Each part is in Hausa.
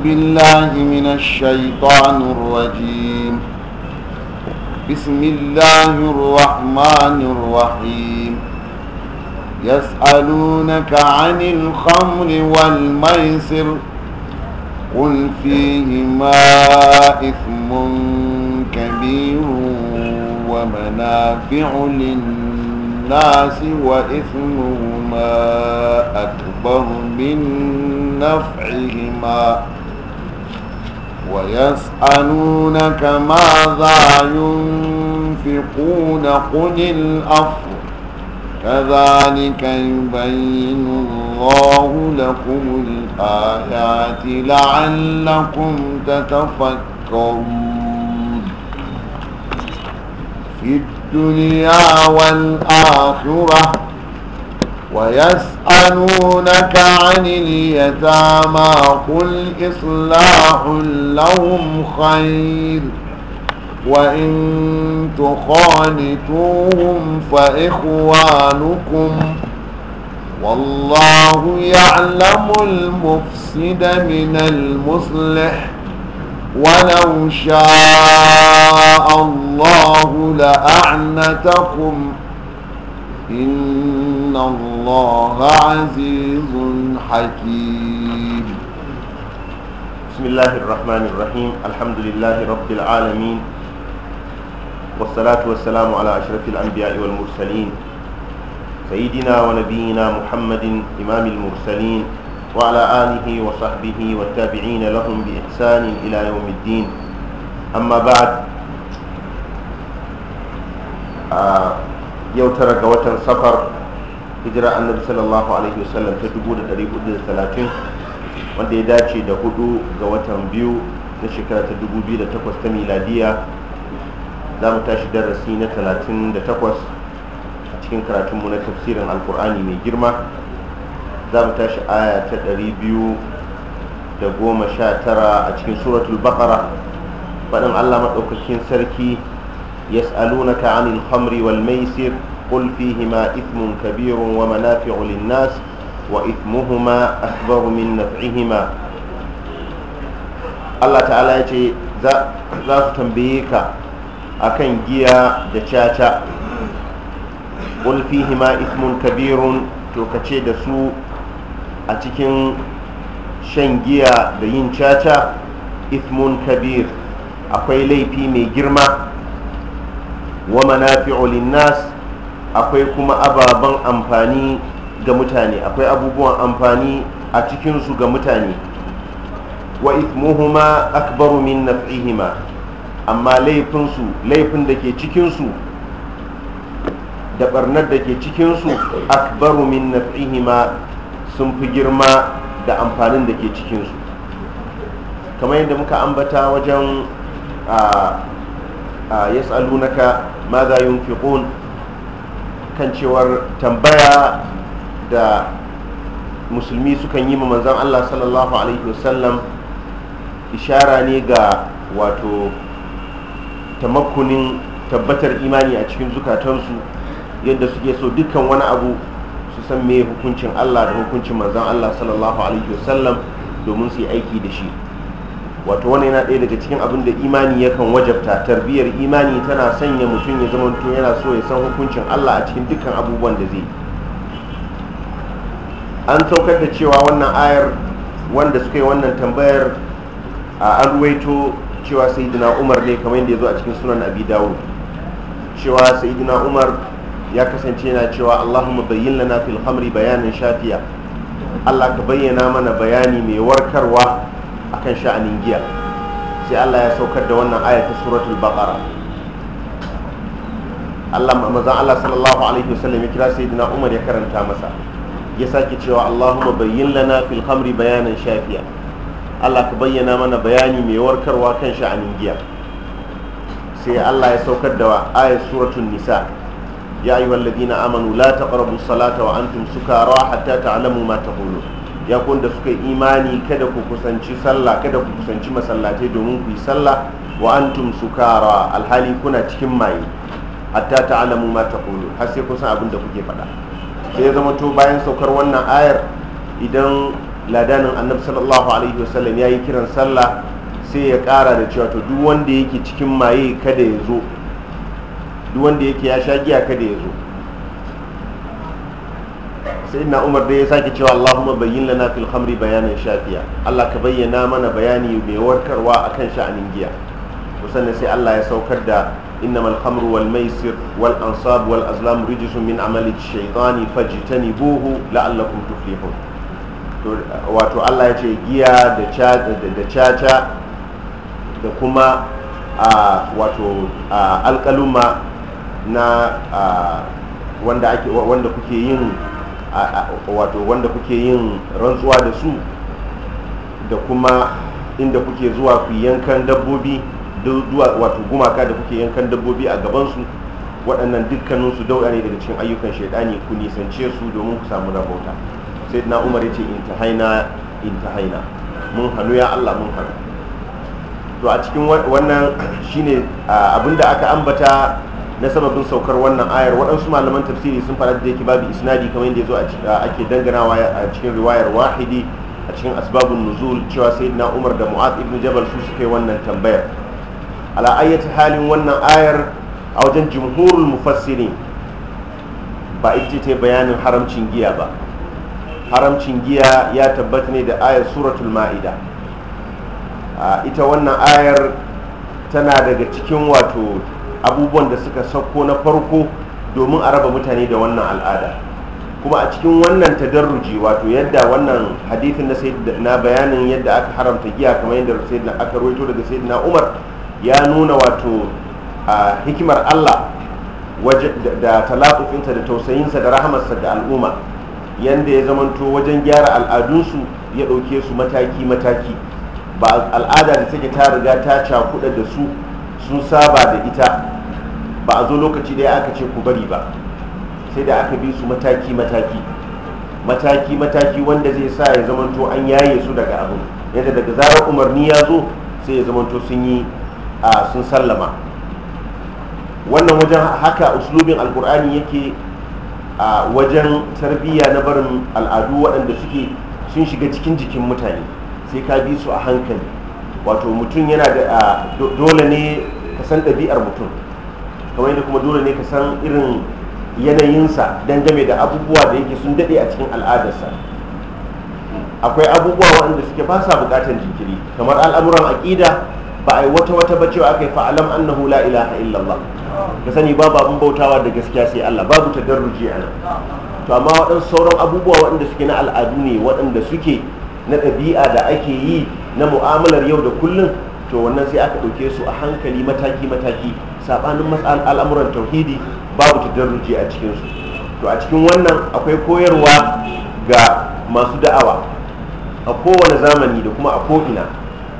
بالله من الشيطان الرجيم بسم الله الرحمن الرحيم يسألونك عن الخمر والميسر قل فيهما إثم كبير ومنافع للناس وإثمهما أكبر من نفعهما ويسألونك ماذا ينفقون قل الأفضل كذلك يبين الله لكم الآيات لعلكم تتفكرون في الدنيا والآخرة ويس يسألونك عن اليتامى قل إصلاح لهم خير وإن تخالطوهم فإخوانكم والله يعلم المفسد من المصلح ولو شاء الله لأعنتكم الله عزيز حكيم بسم الله الرحمن الرحيم الحمد لله رب العالمين والصلاة والسلام على أشرف الأنبياء والمرسلين سيدنا ونبينا محمد إمام المرسلين وعلى آله وصحبه والتابعين لهم بإحسان إلى يوم الدين أما بعد آه يوترك وتن سفر hijira annabi sallallahu alaihi wasallam ta 1430 wanda ya dace da hudu ga watan biyu na shekara ta 2008 ta miladiya za mu tashi darasi na 38 a cikin karatunmu na tafsirin alkur'ani mai girma za mu tashi aya ta 219 a cikin suratul baqara faɗin allah maɗaukakin sarki yas'alunaka anil khamri wal maisir قل فيهما إثم كبير ومنافع للناس وإثمهما أكبر من نفعهما Allah ta'ala ya ce za su tambaye ka akan giya da caca ƙulfihi ma ismun kabirun to ka ce da su a cikin shan giya da yin caca ismun kabir akwai laifi mai girma wa manafi'u linnas akwai kuma ababen amfani ga mutane akwai abubuwan amfani a cikinsu ga mutane wa ithmuhuma akbaru min naf'ihima amma laifinsu laifin da ke cikinsu da barnar da ke cikinsu akbaru min naf'ihima sun fi girma da amfanin da ke cikinsu kamar yadda muka ambata wajen a yas'alunaka ma za yunfiqun kan cewar tambaya da musulmi sukan yi ma manzon Allah sallallahu alaihi wasallam ishara ne ga wato tamakunin tabbatar imani a cikin zukatansu yadda suke so dukkan wani abu su san me hukuncin Allah da hukuncin manzon Allah sallallahu alaihi wasallam domin su yi aiki da shi wato wani yana ɗaya daga cikin abin da imani yakan wajabta tarbiyyar imani tana sanya mutum ya zama mutum yana so ya san hukuncin allah a cikin dukkan abubuwan da zai an saukar da cewa wannan ayar wanda suka yi wannan tambayar a alwaito cewa sayidina umar ne kamar yadda ya zo a cikin sunan abi dawo cewa sayidina umar ya kasance yana cewa allahumma bayyin lana fil bayanin shafiya allah ka bayyana mana bayani mai warkarwa akan sha'anin giya sai Allah ya saukar da wannan aya ta suratul baqara Allah manzon Allah sallallahu alaihi wasallam ya kira sayyidina Umar ya karanta masa ya sake cewa Allahumma bayyin lana fil khamri bayanan shafiya Allah ka bayyana mana bayani mai warkarwa kan sha'anin giya sai Allah ya saukar da ayat suratul nisa ya ayyuhal na amanu la taqrabu salata wa antum sukara hatta ta'lamu ma taqulun ya kun da suka imani kada ku kusanci sallah kada ku kusanci masallatai domin ku yi sallah wa antum sukara alhali kuna cikin maye hatta ta'lamu ma taqulu har sai kun san abin da kuke faɗa sai ya zama to bayan saukar wannan ayar idan ladanin annabi sallallahu alaihi wasallam ya kiran sallah sai ya kara da cewa to duk wanda yake cikin maye kada ya zo duk wanda yake ya sha giya kada ya zo sai na umar da ya sake cewa allahumma bayyin lana fil khamri bayanan shafiya allah ka bayyana mana bayani mai warkarwa akan sha'anin giya kusan sai allah ya saukar da innama khamru wal maisir wal ansab wal azlam rijisun min amali fajitani buhu la'allakum tuflihun wato allah ya ce giya da caca da kuma wato alkaluma na wanda kuke yin wato wanda kuke yin rantsuwa da su da kuma inda kuke zuwa ku yankan dabbobi wato gumaka da kuke yankan dabbobi a gabansu waɗannan dukkaninsu dauɗa ne daga cikin ayyukan shaidani ku nisance su domin ku samu rabauta sai na umar ya ce ta haina mun hannu ya allah mun hannu to a cikin wannan shine abinda aka ambata na sababin saukar wannan ayar waɗansu malaman tafsiri sun faɗa da yake babu isnadi kamar yadda zo ake danganawa a cikin riwayar wahidi a cikin asbabun nuzul cewa sayyidina Umar da Mu'adh ibn Jabal su suka yi wannan tambayar ala ayyati halin wannan ayar a wajen jumhurul mufassirin ba ita ce bayanin haramcin giya ba haramcin giya ya tabbata ne da ayar suratul ma'ida ita wannan ayar tana daga cikin wato abubuwan da suka sauko na farko domin a raba mutane da wannan al'ada kuma a cikin wannan tadarruji wato yadda wannan hadithin na na bayanin yadda aka haramta giya kamar yadda sayyidina aka rawaito daga na Umar ya nuna wato a hikimar Allah da talaqufinsa da tausayinsa da rahamarsa da al'umma yadda ya zamanto wajen gyara al'adunsu ya dauke su mataki-mataki ba al'ada da take ta riga ta cakuɗa da su sun saba da ita ba a zo lokaci da aka ce ku bari ba sai da aka bi su mataki-mataki mataki-mataki wanda zai sa ya zamanto an yaye su daga abu yadda daga zarar umarni ya zo sai ya zamanto sun yi a sun sallama wannan wajen haka uslubin alkur'ani yake a wajen tarbiyya na barin al'adu waɗanda suke sun shiga cikin jikin mutane sai ka bi su a hankali wato mutum yana da dole ne ka san ɗabi'ar mutum kamar yadda kuma dole ne ka san irin yanayinsa game da abubuwa da yake sun daɗe a cikin al'adarsa akwai abubuwa waɗanda suke ba sa buƙatar jinkiri kamar al'amuran aƙida ba a yi wata wata ba cewa aka yi fa'alam annahu la ilaha illallah ka sani babu abin bautawa da gaskiya sai Allah babu ta a ana to amma waɗansu sauran abubuwa waɗanda suke na al'adu ne waɗanda suke na ɗabi'a da ake yi na mu'amalar yau da kullum to wannan sai aka ɗauke su a hankali mataki-mataki saɓanin al'amuran tauhidi babu tadarruji a cikinsu to a cikin wannan akwai koyarwa ga masu da'awa a kowane zamani da kuma a ko'ina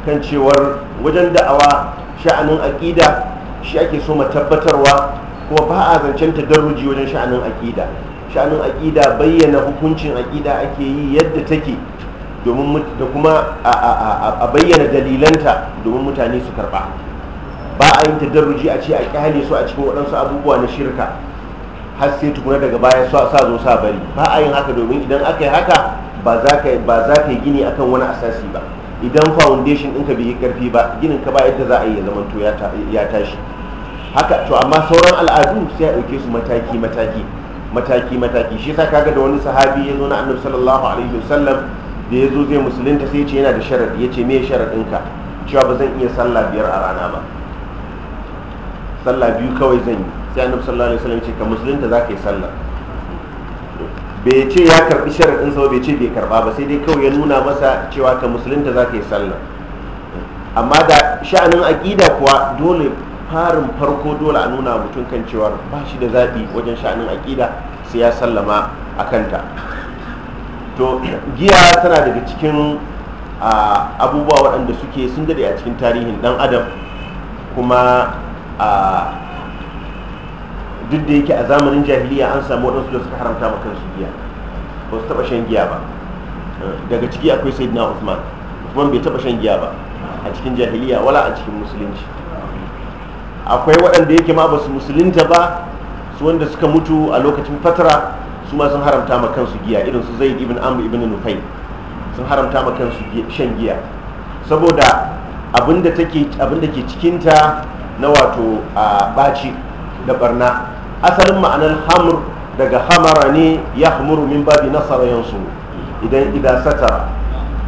kan cewar wajen da'awa sha'anin aƙida shi ake so ma tabbatarwa kuma ba a zancen tadarruji wajen sha'anin aƙida sha'anin aƙida bayyana hukuncin aƙida ake yi yadda take da kuma a bayyana dalilanta domin mutane su karba ba a yin tadarruji a ce a kyale su a cikin waɗansu abubuwa na shirka har sai tukuna daga baya su sa zo sa bari ba a yin haka domin idan aka yi haka ba za ka yi gini akan wani asasi ba idan foundation ɗinka bai yi karfi ba ginin ka ba yadda za a yi ya zama to ya tashi haka to amma sauran al'adu sai a ɗauke su mataki mataki mataki mataki shi yasa kaga da wani sahabi ya zo na annabi sallallahu alaihi wasallam da ya zo zai ta sai ce yana da sharaɗi ya ce me sharaɗinka cewa ba zan iya sallah biyar a rana ba sallah biyu kawai zan yi sai annabi sallallahu alaihi wasallam ce ka musulun za ka yi sallah bai ce ya karbi sharaɗin sa bai ce bai karba ba sai dai kawai ya nuna masa cewa ka musulun za ka yi sallah amma da sha'anin aƙida kuwa dole farin farko dole a nuna mutum kan cewa ba shi da zaɓi wajen sha'anin aƙida sai ya sallama a kanta to giya tana daga cikin abubuwa waɗanda suke sun daɗe a cikin tarihin ɗan adam kuma duk da yake a zamanin jahiliya an samu waɗansu da suka haramta ma su giya ba su taɓa shan giya ba daga ciki akwai na usman usman bai taɓa shan giya ba a cikin jahiliya wala a cikin musulunci akwai waɗanda yake ma ba su musulunta ba su wanda suka mutu a lokacin fatara su ma sun haramta ma kansu giya irin su zai ibn amr ibn nufai sun haramta ma kansu shan giya saboda abinda take abinda ke cikinta na wato a baci da barna asalin ma'anar hamr daga hamara ne ya hamuru min babi nasara yansu idan ida satara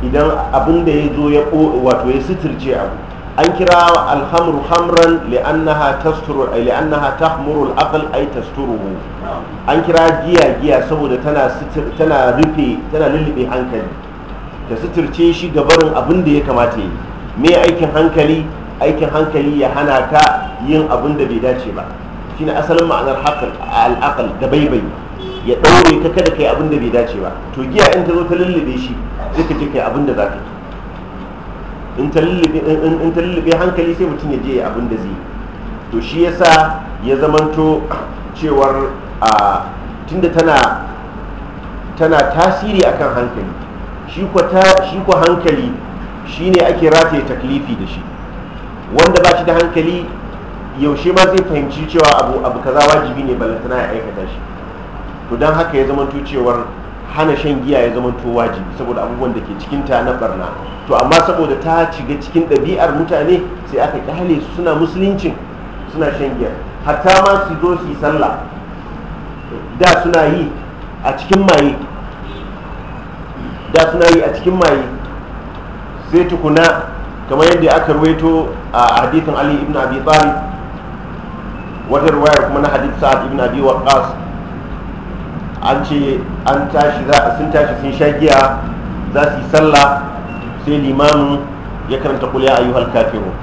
idan abinda ya zo ya wato ya sitirce abu an kira alhamru hamran li'annaha tasturu li'annaha tahmuru al-aql ay tasturuhu an kira giya giya saboda tana sitir tana rufe tana lullube hankali ta suturce shi barin abin da ya kamata yi me aikin hankali aikin hankali ya hana ka yin abin da bai dace ba shi na asalin ma'anar al'aƙal da baibai ya ɗaure ka kada kai abin da bai dace ba to giya in ta zo ta lullube shi zai ka je kai abin da za ka in ta lullube hankali sai mutum ya je abin da zai to shi yasa ya zamanto cewar a tunda tana tana tasiri akan hankali shi hankali shi ne hankali shine ake rataye taklifi da shi wanda ba shi da hankali yaushe ma zai fahimci cewa abu abu kaza wajibi ne balantana ya aikata shi to don haka ya zama cewar hana shan giya ya zama zamanto wajibi saboda abubuwan da ke cikinta na barna to amma saboda ta shiga cikin ɗabi'ar mutane sai aka kyale su suna musuluncin suna shan giya hatta ma su zo su yi sallah da suna yi a cikin maye da suna yi a cikin maye sai tukuna kamar yadda aka ruwaito a hadithin ali ibn abi tsari wata ruwayar kuma na hadith sa'ad ibn abi waqqas an ce an tashi za sun tashi sun sha giya za su yi sallah sai limamin ya karanta qul ya ayyuhal kafirun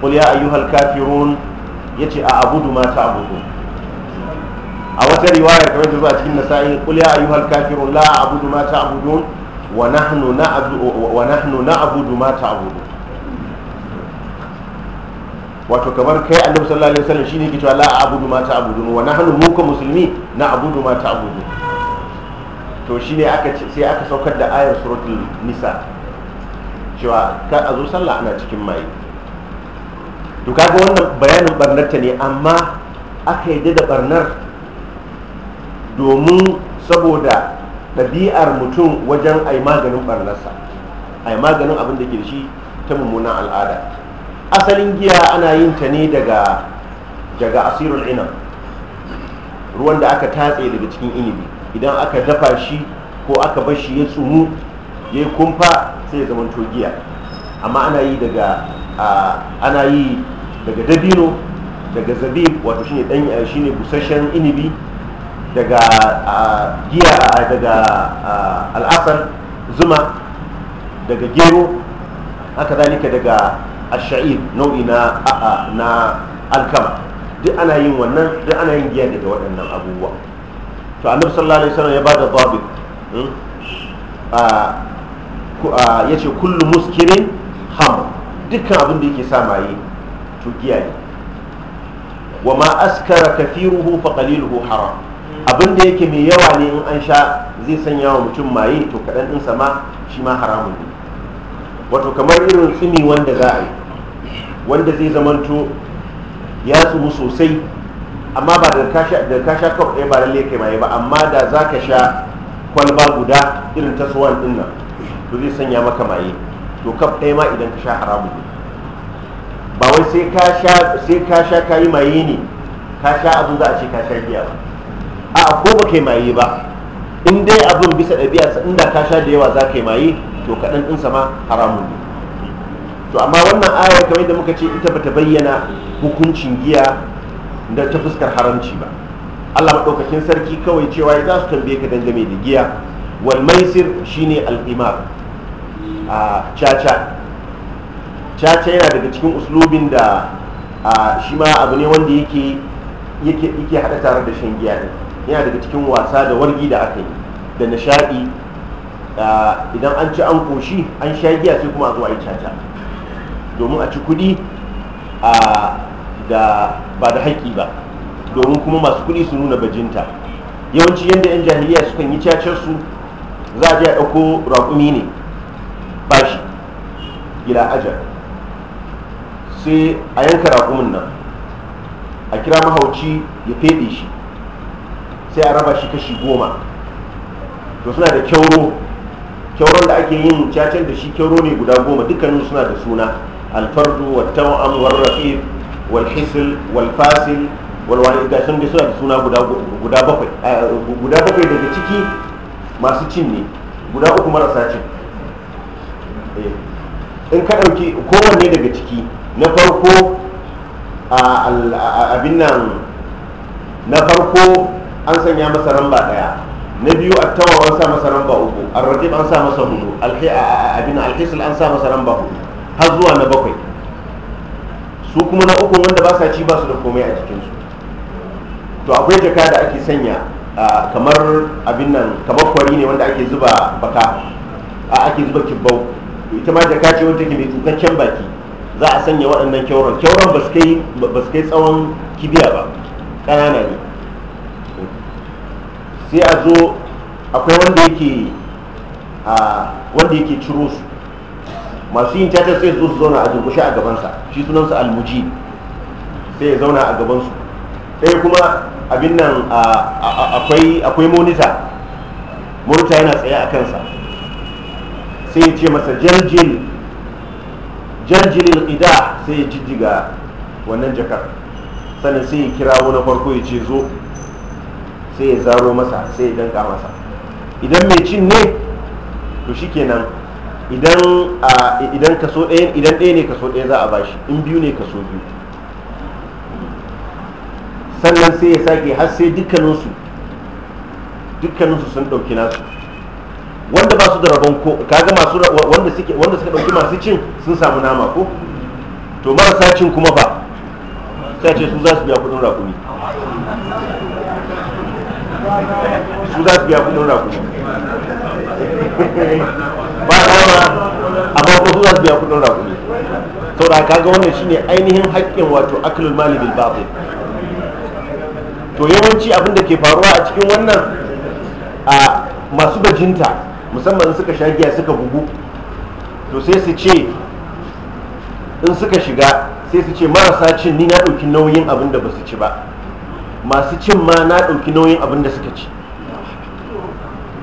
qul ya ayyuhal kafirun ce a abudu ma ta abudu a wata riwaya kamar da zuwa cikin nasa'i qul ya ayyuhal kafirun la a'budu ma ta'budun wa nahnu na'budu wa nahnu na'budu ma ta'budu wato kamar kai annabi sallallahu alaihi wasallam shine ke cewa la a'budu ma ta'budun wa nahnu hannu muka musulmi na'budu ma abudu to shine aka sai aka saukar da ayar suratul nisa cewa ka a zo sallah ana cikin maye to kaga wannan bayanin barnarta ne amma aka yi da barnar domin saboda ɗabi'ar mutum wajen yi maganin barnarsa yi maganin abin da ke shi ta mummunan al'ada asalin giya ana yin ta ne daga daga asirul inam ruwan da aka tatse daga cikin inibi idan aka dafa shi ko aka bar shi ya tsumu ya yi kumfa sai ya zama giya amma ana yi daga ana yi daga dabino daga zabib wato shine dan shine busasshen inibi daga giya daga al'asar zuma daga gero haka zalika daga asha'ir nau'i na alkama duk ana yin wannan duk ana yin giya daga waɗannan abubuwa to annabi sallallahu alaihi wasallam ya bada dabit hmm? ya ce kullu muskirin ham dukkan abin da yake sa maye to giya ne wa ma askara kathiruhu fa qaliluhu haram abin da yake mai yawa ne in an sha zai sanya wa mutum maye to kaɗan ɗin sama shi ma haramun ne wato kamar irin sumi wanda za a yi wanda zai zamanto ya tsumu sosai amma ba da ka sha ɗaya ba lalle kai maye ba amma da za ka sha kwalba guda irin ta suwan ɗin nan to zai sanya maka maye to kaf ɗaya ma idan ka sha haramun ne ba wai sai ka sha ka maye ne ka sha abin za a ce ka sha giya ba a ko ba kai maye ba in dai abin bisa ɗabi'a inda ka sha da yawa za ka yi maye to kaɗan ɗinsa ma haramun ne to amma wannan ayar kamar da muka ce ita bata bayyana hukuncin giya da ta fuskar haramci ba Allah maɗaukakin sarki kawai cewa za su tambaye ka dangane da giya wal maisir shine al a caca caca yana daga cikin uslubin da shi ma abu ne wanda yake yake haɗa tare da shan giya ne. yana daga cikin wasa da wargi da aka yi da nishaɗi idan an ci an koshi an sha giya sai kuma a zo yi caca domin a ci kuɗi da ba da haƙƙi ba domin kuma masu kuɗi su nuna bajinta yawanci yadda 'yan jahiliya sukan yi cacarsu za a je a ɗauko raƙumi ne ba shi gila ajar sai a yanka raƙumin nan a kira mahauci ya feɗe shi sai a raba shi kashi goma to suna da kyauro kyauron da ake yin cacar da shi kyauro ne guda goma dukkanin suna da suna alfardu wa tawam wa raqib wal hisl wal fasil wani suna da suna guda bakwai eh, guda bakwai daga ciki masu cin ne guda uku marasa cin eh, in ka ɗauki kowanne daga ciki na farko abin nan na farko an sanya masa ramba daya na biyu a tawa an sa masa ramba uku arrajib an sa masa hudu abin alhisul an sa masa ramba hudu har zuwa na bakwai su kuma na uku wanda ba sa ci ba su da komai a jikinsu to akwai jaka da ake sanya kamar abin nan kamar kwari ne wanda ake zuba baka a ake zuba kibbau ita ma jaka ce wanda ke mai tukaccen baki za a sanya waɗannan kyauran kyauran ba su kai tsawon kibiya ba ƙanana ne sai a zo akwai wanda yake a wanda yake ciro su masu yin caca sai zo su zauna a jirgushe a gabansa shi sunansa almuji sai ya zauna a gabansu sai kuma abin nan akwai monita monita yana tsaye a kansa sai ya ce masa jarjil jarjilil ida sai ya jijjiga wannan jakar sannan sai ya kira wani farko ya ce zo sai ya zaro masa sai ya danka masa idan mai cin ne to shi kenan idan kaso ɗaya idan ɗaya ne kaso ɗaya za a bashi in biyu ne kaso biyu sannan sai ya sake har sai dukkaninsu dukkaninsu sun ɗauki nasu wanda ba su da rabon ko kaga masu wanda suke wanda suka ɗauki masu cin sun samu nama ko to marasa cin kuma ba sai ce su za su biya kuɗin raƙumi su za su biya kudin rago ba amma ko su za su biya kudin rago saboda kaga wannan shine ainihin haƙƙin wato aklul mali bil babu. to yawanci abin da ke faruwa a cikin wannan a masu bajinta musamman suka shagiya giya suka bugu to sai su ce in suka shiga sai su ce marasa cin ni na ɗauki nauyin abin da ba su ci ba masu cin ma na ɗauki nauyin abin da suka ci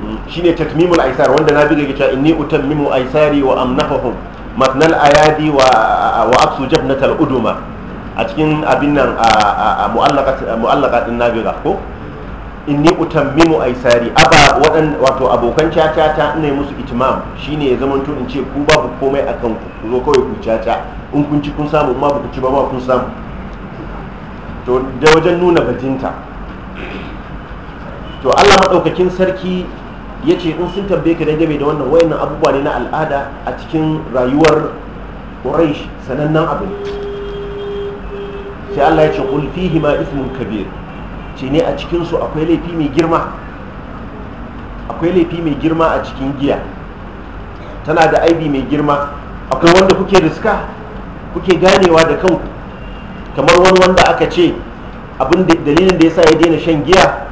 mm, shine tatmimul aisar wanda na biga cewa inni utammimu aisari wa amnahum matnal ayadi wa wa aksu jabnatal uduma a cikin abin nan a mu'allaka din nabiga ko inni utammimu aisari aba wadan wato abokan caca ta ina musu itimam shine ya zama to in ce ku babu komai akan ku zo kawai ku caca in kun ci kun samu ma ba ku ci ba ma kun samu to da wajen nuna bajinta to allah maɗaukakin sarki ya ce in sun tambaye ka dangane da wannan wayannan abubuwa ne na al'ada a cikin rayuwar ƙuraish sanannen abu ne sai allah ya ce kul ma kabir ce ne a cikinsu akwai laifi mai girma akwai laifi mai girma a cikin giya tana da aibi mai girma akwai wanda kuke riska kuke ganewa da kanku kamar wani wanda aka ce abin dalilin da ya sa ya daina shan giya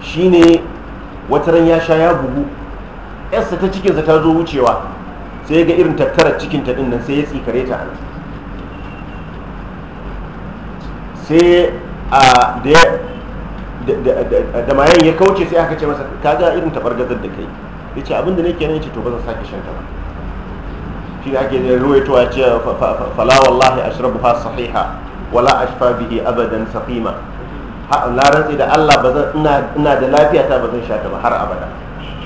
shine ran ya sha ya bugu yarsa ta cikinsa ta zo wucewa sai ya ga irin tattara cikin ta dinnan sai ya tsikare ta nan sai a da da mayan ya kauce sai aka ce masa kaga irin tabar gazar da kai ya ce abinda ne nan ya ce to ba zan sake shan ta ba shi ake a ce fala wallahi ashrabu ha sahiha wala ashfa bihi abadan saqima na rantsi da Allah ba zan ina da lafiya ta ba zan sha ta ba har abada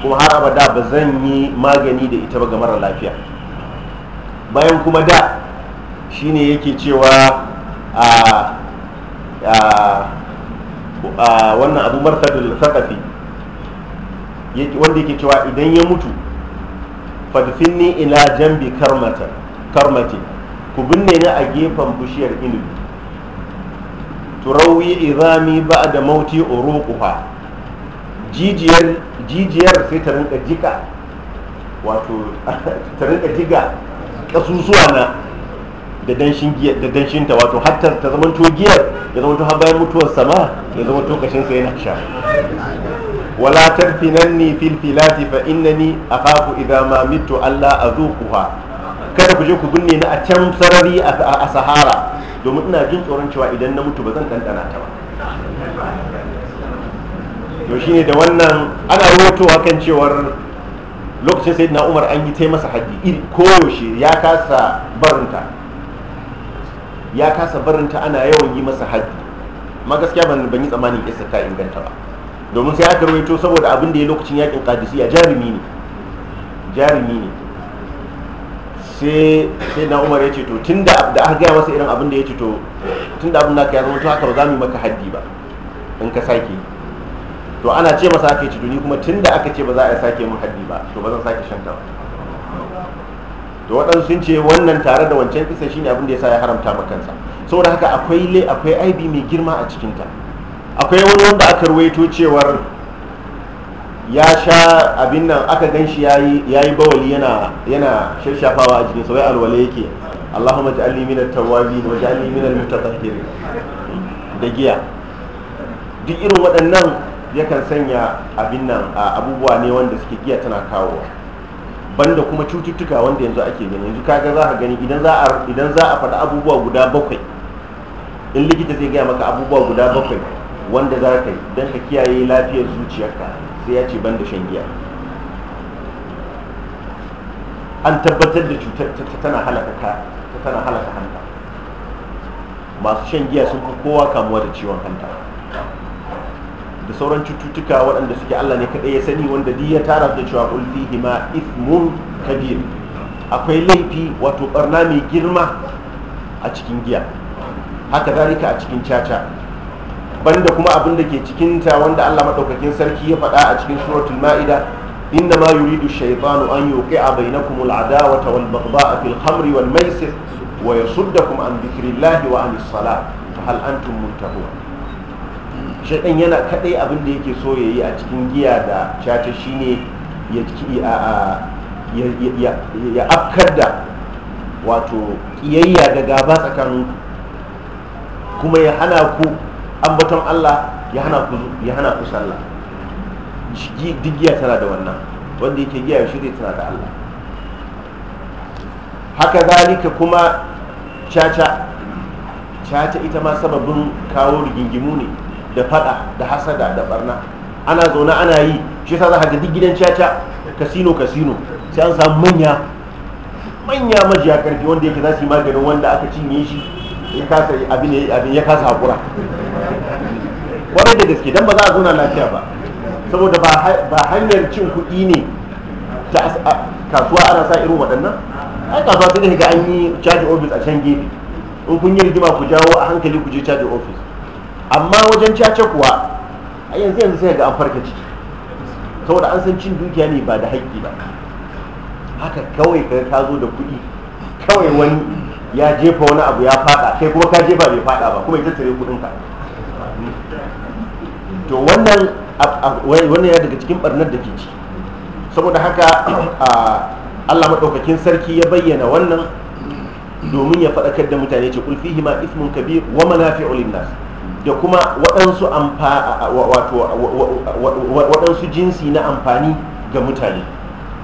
kuma har abada ba zan yi magani da ita ba ga mara lafiya bayan kuma da shine yake cewa a wannan abu martadul saqafi wanda yake cewa idan ya mutu fadfinni ila jambi karmata karmati ku binne ni a gefen bishiyar inibi turawi izami ba da mauti uruquha jijiyar jijiyar sai ta rinka jika wato ta rinka jiga kasusuwa na da danshin giyar da danshin ta wato hatta ta to giyar ya zama har bayan mutuwar sama ya to kashin sai na sha ولا تدفنني في الفلات فإنني أخاف إذا ما مت ألا أذوقها kada ku je ku binne ni a can sarari a sahara domin ina jin tsoron cewa idan na mutu ba zan ɗanɗana ta ba to shine da wannan ana roto kan cewar lokacin sai na umar an yi ta masa haji koyaushe ya kasa barinta ya kasa barinta ana yawan yi masa haji ma gaskiya ban yi tsammanin isa ta inganta ba domin sai aka rawaito saboda abin da ya lokacin yakin a jarumi ne jarumi ne sai sai na umar ya ce to tun da aka gaya masa irin abin da ya ce to tun da abin da ka ya zama to haka ba za mu yi maka haddi ba in ka sake to ana ce masa aka ce to ni kuma tun da aka ce ba za a sake mun haddi ba to ba zan sake shan ba to waɗansu sun ce wannan tare da wancan kisa shine abin da ya sa ya haramta ma kansa saboda haka akwai akwai aibi mai girma a cikinta akwai wani wanda aka ruwaito cewar ya sha abin nan aka gan shi ya yi bawali yana shafawa a jikin sauya alwale yake allahumma ja'alni minat tawabin wa ja'alni minal mutatahhirin da giya duk irin waɗannan yakan sanya abin nan abubuwa ne wanda suke giya tana kawo banda kuma cututtuka wanda yanzu ake gani yanzu kaga za ka gani idan za a faɗi abubuwa guda bakwai in likita zai gaya maka abubuwa guda bakwai wanda za ka yi don ka kiyaye lafiyar zuciyarka sai ya ce ban da shan giya an tabbatar da cutar ta tana halaka hanta masu shan giya sun fi kowa kamuwa da ciwon hanta da sauran cututtuka waɗanda suke Allah ne kaɗai ya sani wanda ya tara da cewa qul hima ismun kabir akwai laifi wato ɓarna mai girma a cikin giya haka zalika a cikin caca banda kuma abin da ke cikinta wanda Allah madaukakin sarki ya faɗa a cikin suratul ma'ida inna ma yuridu shaytanu an yuqi'a bainakum al'adawata wal baghdha'a fil khamri wal maisir wa yasuddakum an dhikrillahi wa anis salat fa hal antum muntahun shaytan yana kadai abin da yake so yayi a cikin giya da caca shine ya ya ya da wato kiyayya da gaba tsakanin kuma ya hana ku ambaton Allah ya hana ku ya hana ku sallah duk giya tana da wannan wanda yake giya ya shirya tana da Allah haka zalika kuma caca caca ita ma sababin kawo rigingimu ne da fada da hasada da barna ana zaune ana yi shi sa za ka duk gidan caca kasino kasino sai an samu manya manya majiya karfi wanda yake za su yi maganin wanda aka cinye shi ya kasa abin ya kasa hakura kwarai da gaske don ba za a zuna lafiya ba saboda ba hanyar cin kuɗi ne ta kasuwa ana sa irin waɗannan ai kasuwa sai da ga an yi charge office a can gefe in kun yi rigima ku jawo a hankali ku je charge office amma wajen caca kuwa a yanzu yanzu sai ga an farka ciki saboda an san cin dukiya ne ba da haƙƙi ba haka kawai ka ka zo da kuɗi kawai wani ya jefa wani abu ya faɗa kai kuma ka jefa bai faɗa ba kuma ya tattare kuɗinka to wannan wannan ya daga cikin barnar da ke ci saboda haka Allah maɗaukakin sarki ya bayyana wannan domin ya faɗakar da mutane ce kul hima ismin ismun kabir wa manafi'u linnas da kuma waɗansu jinsi na amfani ga mutane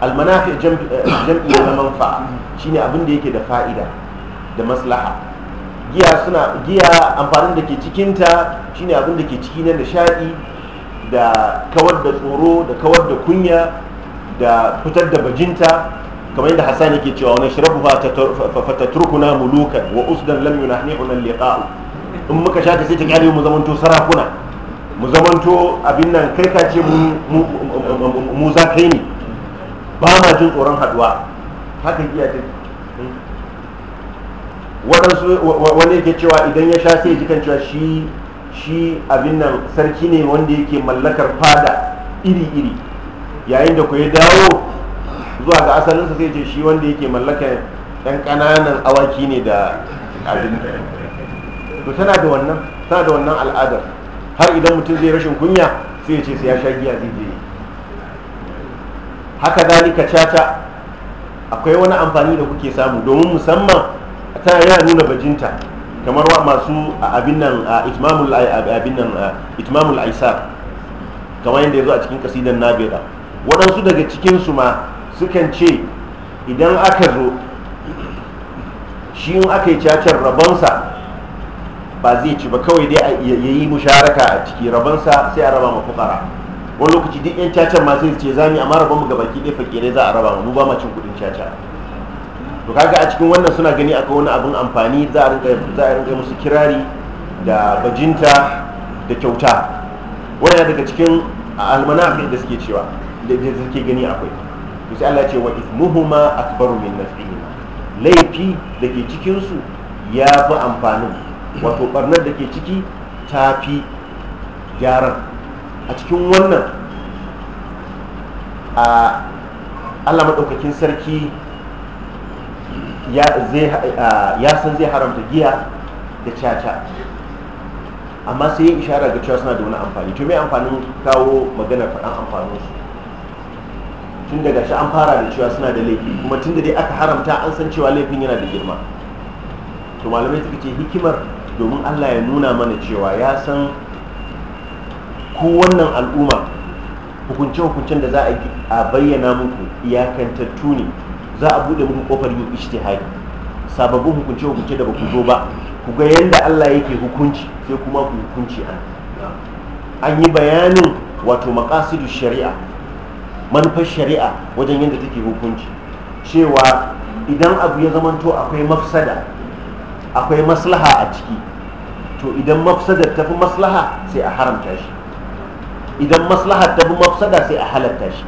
almanafi eh, jam'i na manfa'a shine abin da yake da fa'ida da maslaha giya suna giya amfanin da ke cikinta shine abin da ke ciki na nishadi da kawar da tsoro da kawar da kunya da fitar da bajinta kamar yadda hassan yake cewa wani shirabu turkuna mulukan wa usdan lam na liqa'u in muka sha ta sai ta kyale mu zamanto sarakuna mu zamanto abin nan kai ka ce mu za kai ne ba ma jin tsoron haduwa haka giya take waɗansu wani yake cewa idan ya sha sai ji cewa shi shi abin nan sarki ne wanda yake mallakar fada iri-iri yayin da ku ya dawo zuwa ga asalinsa sai ce shi wanda yake mallakar yan ƙananan awaki ne da abin to tana da wannan tana da wannan al'adar har idan mutum zai rashin kunya sai ya ce sai ya sha giya zai je haka zalika caca akwai wani amfani da kuke samu domin musamman ta yana nuna bajinta kamar wa masu abin nan itmamul abin nan itmamul aisar kamar yadda ya zo a cikin kasidan nabira waɗansu daga cikinsu ma sukan ce idan aka zo shi in aka yi cacar rabonsa ba zai ci ba kawai dai ya yi musharaka a ciki rabonsa sai a raba ma wani lokaci duk yan cacar masu sai ce yi amma rabon mu ga baki ɗaya fakirai za a raba mu ba ma cin kuɗin caca to kaga a cikin wannan suna gani akwai wani abin amfani za a rinka musu kirari da bajinta da kyauta wannan daga cikin almanafi da suke cewa da suke gani akwai to sai Allah ya ce wa ithmuhuma akbaru min naf'ihima laifi da ke cikin su ya fi amfanin wato barnar da ke ciki ta fi gyaran a cikin wannan a Allah madaukakin sarki ya san zai haramta giya da caca amma sai yin ishara ga cewa suna da wani amfani to mai amfanin kawo maganar faɗan amfanin su tun daga shi an fara da cewa suna da laifi kuma tun da dai aka haramta an san cewa laifin yana da girma to malamai suka ce hikimar domin allah ya nuna mana cewa ya san ku wannan al'umma hukunce-hukuncen da za a bayyana muku iyakantattu ne za a bude muku kofar ishti ijtihadi sababbin hukunce hukunce da baku zo ba ku ga yadda Allah yake hukunci sai kuma ku hukunci an an yi bayanin wato makasidu shari'a manufar shari'a wajen yadda take hukunci cewa idan abu ya zamanto akwai mafsada akwai maslaha a ciki to idan mafsada ta fi maslaha sai a haramta shi idan maslaha ta fi mafsada sai a halatta shi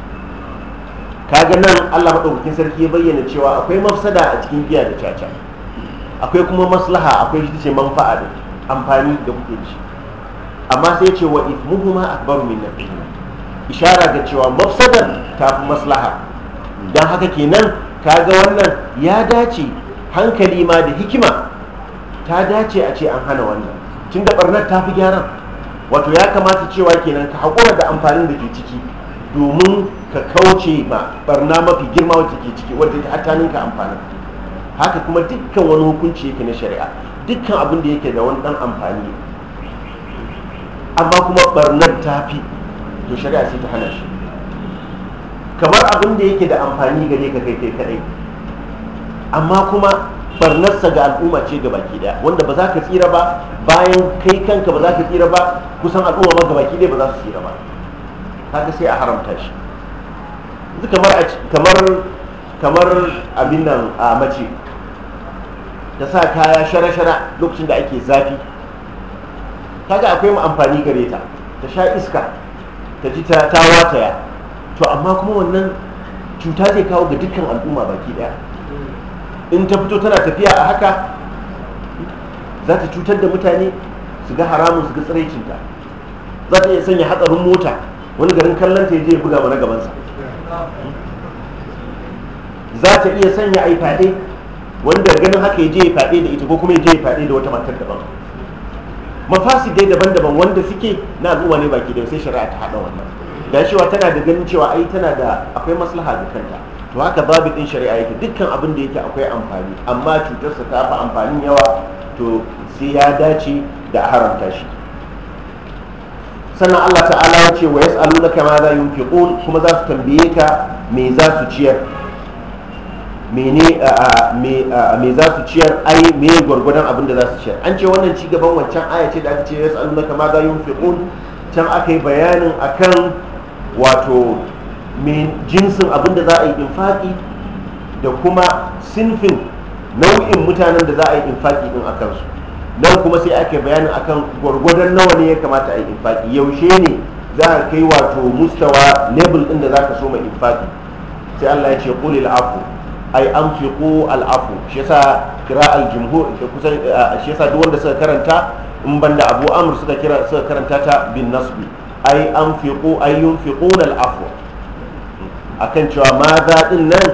kaga nan Allah madaukakin sarki ya bayyana cewa akwai mafsada a cikin giya da caca akwai kuma maslaha akwai shi ce manfa'a da amfani da kuke shi amma sai ya ce wa ifmuhuma akbaru min nafihima ishara ga cewa mafsadar ta fi maslaha don haka kenan kaga wannan ya dace hankali ma da hikima ta dace a ce an hana wannan tun da barnar ta fi gyaran wato ya kamata cewa kenan ka haƙura da amfanin da ke ciki domin ka kauce ma barna mafi girma wadda ke ciki wadda ta hatanin ka amfani haka kuma dukkan wani hukunci yake na shari'a dukkan abin da yake da wani dan amfani amma kuma barnar ta fi to shari'a sai ta hana shi kamar abin da yake da amfani gare ka kai kai kadai amma kuma barnarsa ga al'umma ce ga baki daya wanda ba za ka tsira ba bayan kai kanka ba za ka tsira ba kusan al'umma ma ga baki daya ba za su tsira ba haka sai a haramta shi kamar kamar abin nan a mace ta sa kaya shara-shara lokacin da ake zafi kaga akwai ma amfani gare ta ta sha iska ta ji ta wataya to amma kuma wannan cuta zai kawo ga dukkan al'umma baki daya in ta fito tana tafiya a haka za ta cutar da mutane su ga haramun su ga tsiraicinta za ta iya sanya hatsarin mota wani garin kallon ta je buga na gabansa za ta iya sanya a yi fade wanda ganin haka ya je ya fade da ita ko kuma ya je ya fade da wata matar daban mafasi dai daban-daban wanda suke na zuwa ne baki da sai shari'a ta haɗa wannan da cewa tana da ganin cewa ai tana da akwai maslaha da kanta to haka babu din shari'a yake dukkan abin da yake akwai amfani amma cutarsa ta fi amfanin yawa to sai ya dace da haramta shi sannan Allah ta'ala ya ce wa na kama za ƙun kuma za su tambaye ka me za su ciyar mene za su ciyar ai me gwargwadon abin da za su ciyar an ce wannan ci gaban wancan aya ce da aka ce na kama za ƙun can aka yi bayanin akan wato me jinsin abin da za a yi infaki da kuma sinfin nau'in mutanen da za a yi infaki din akan su nan kuma sai ake bayani akan gwargwadon nawa ne ya kamata a yi infaki yaushe ne za a kai wato mustawa level din da za ka so mai infaki sai Allah ya ce qul afu ai anfiqu al afu shi yasa kira al jumhur kusan eh, shi yasa duk wanda suka karanta in banda Abu Amr suka kira suka karanta ta bin nasbi ai anfiqu ay yunfiquna al afu akan cewa maza za din nan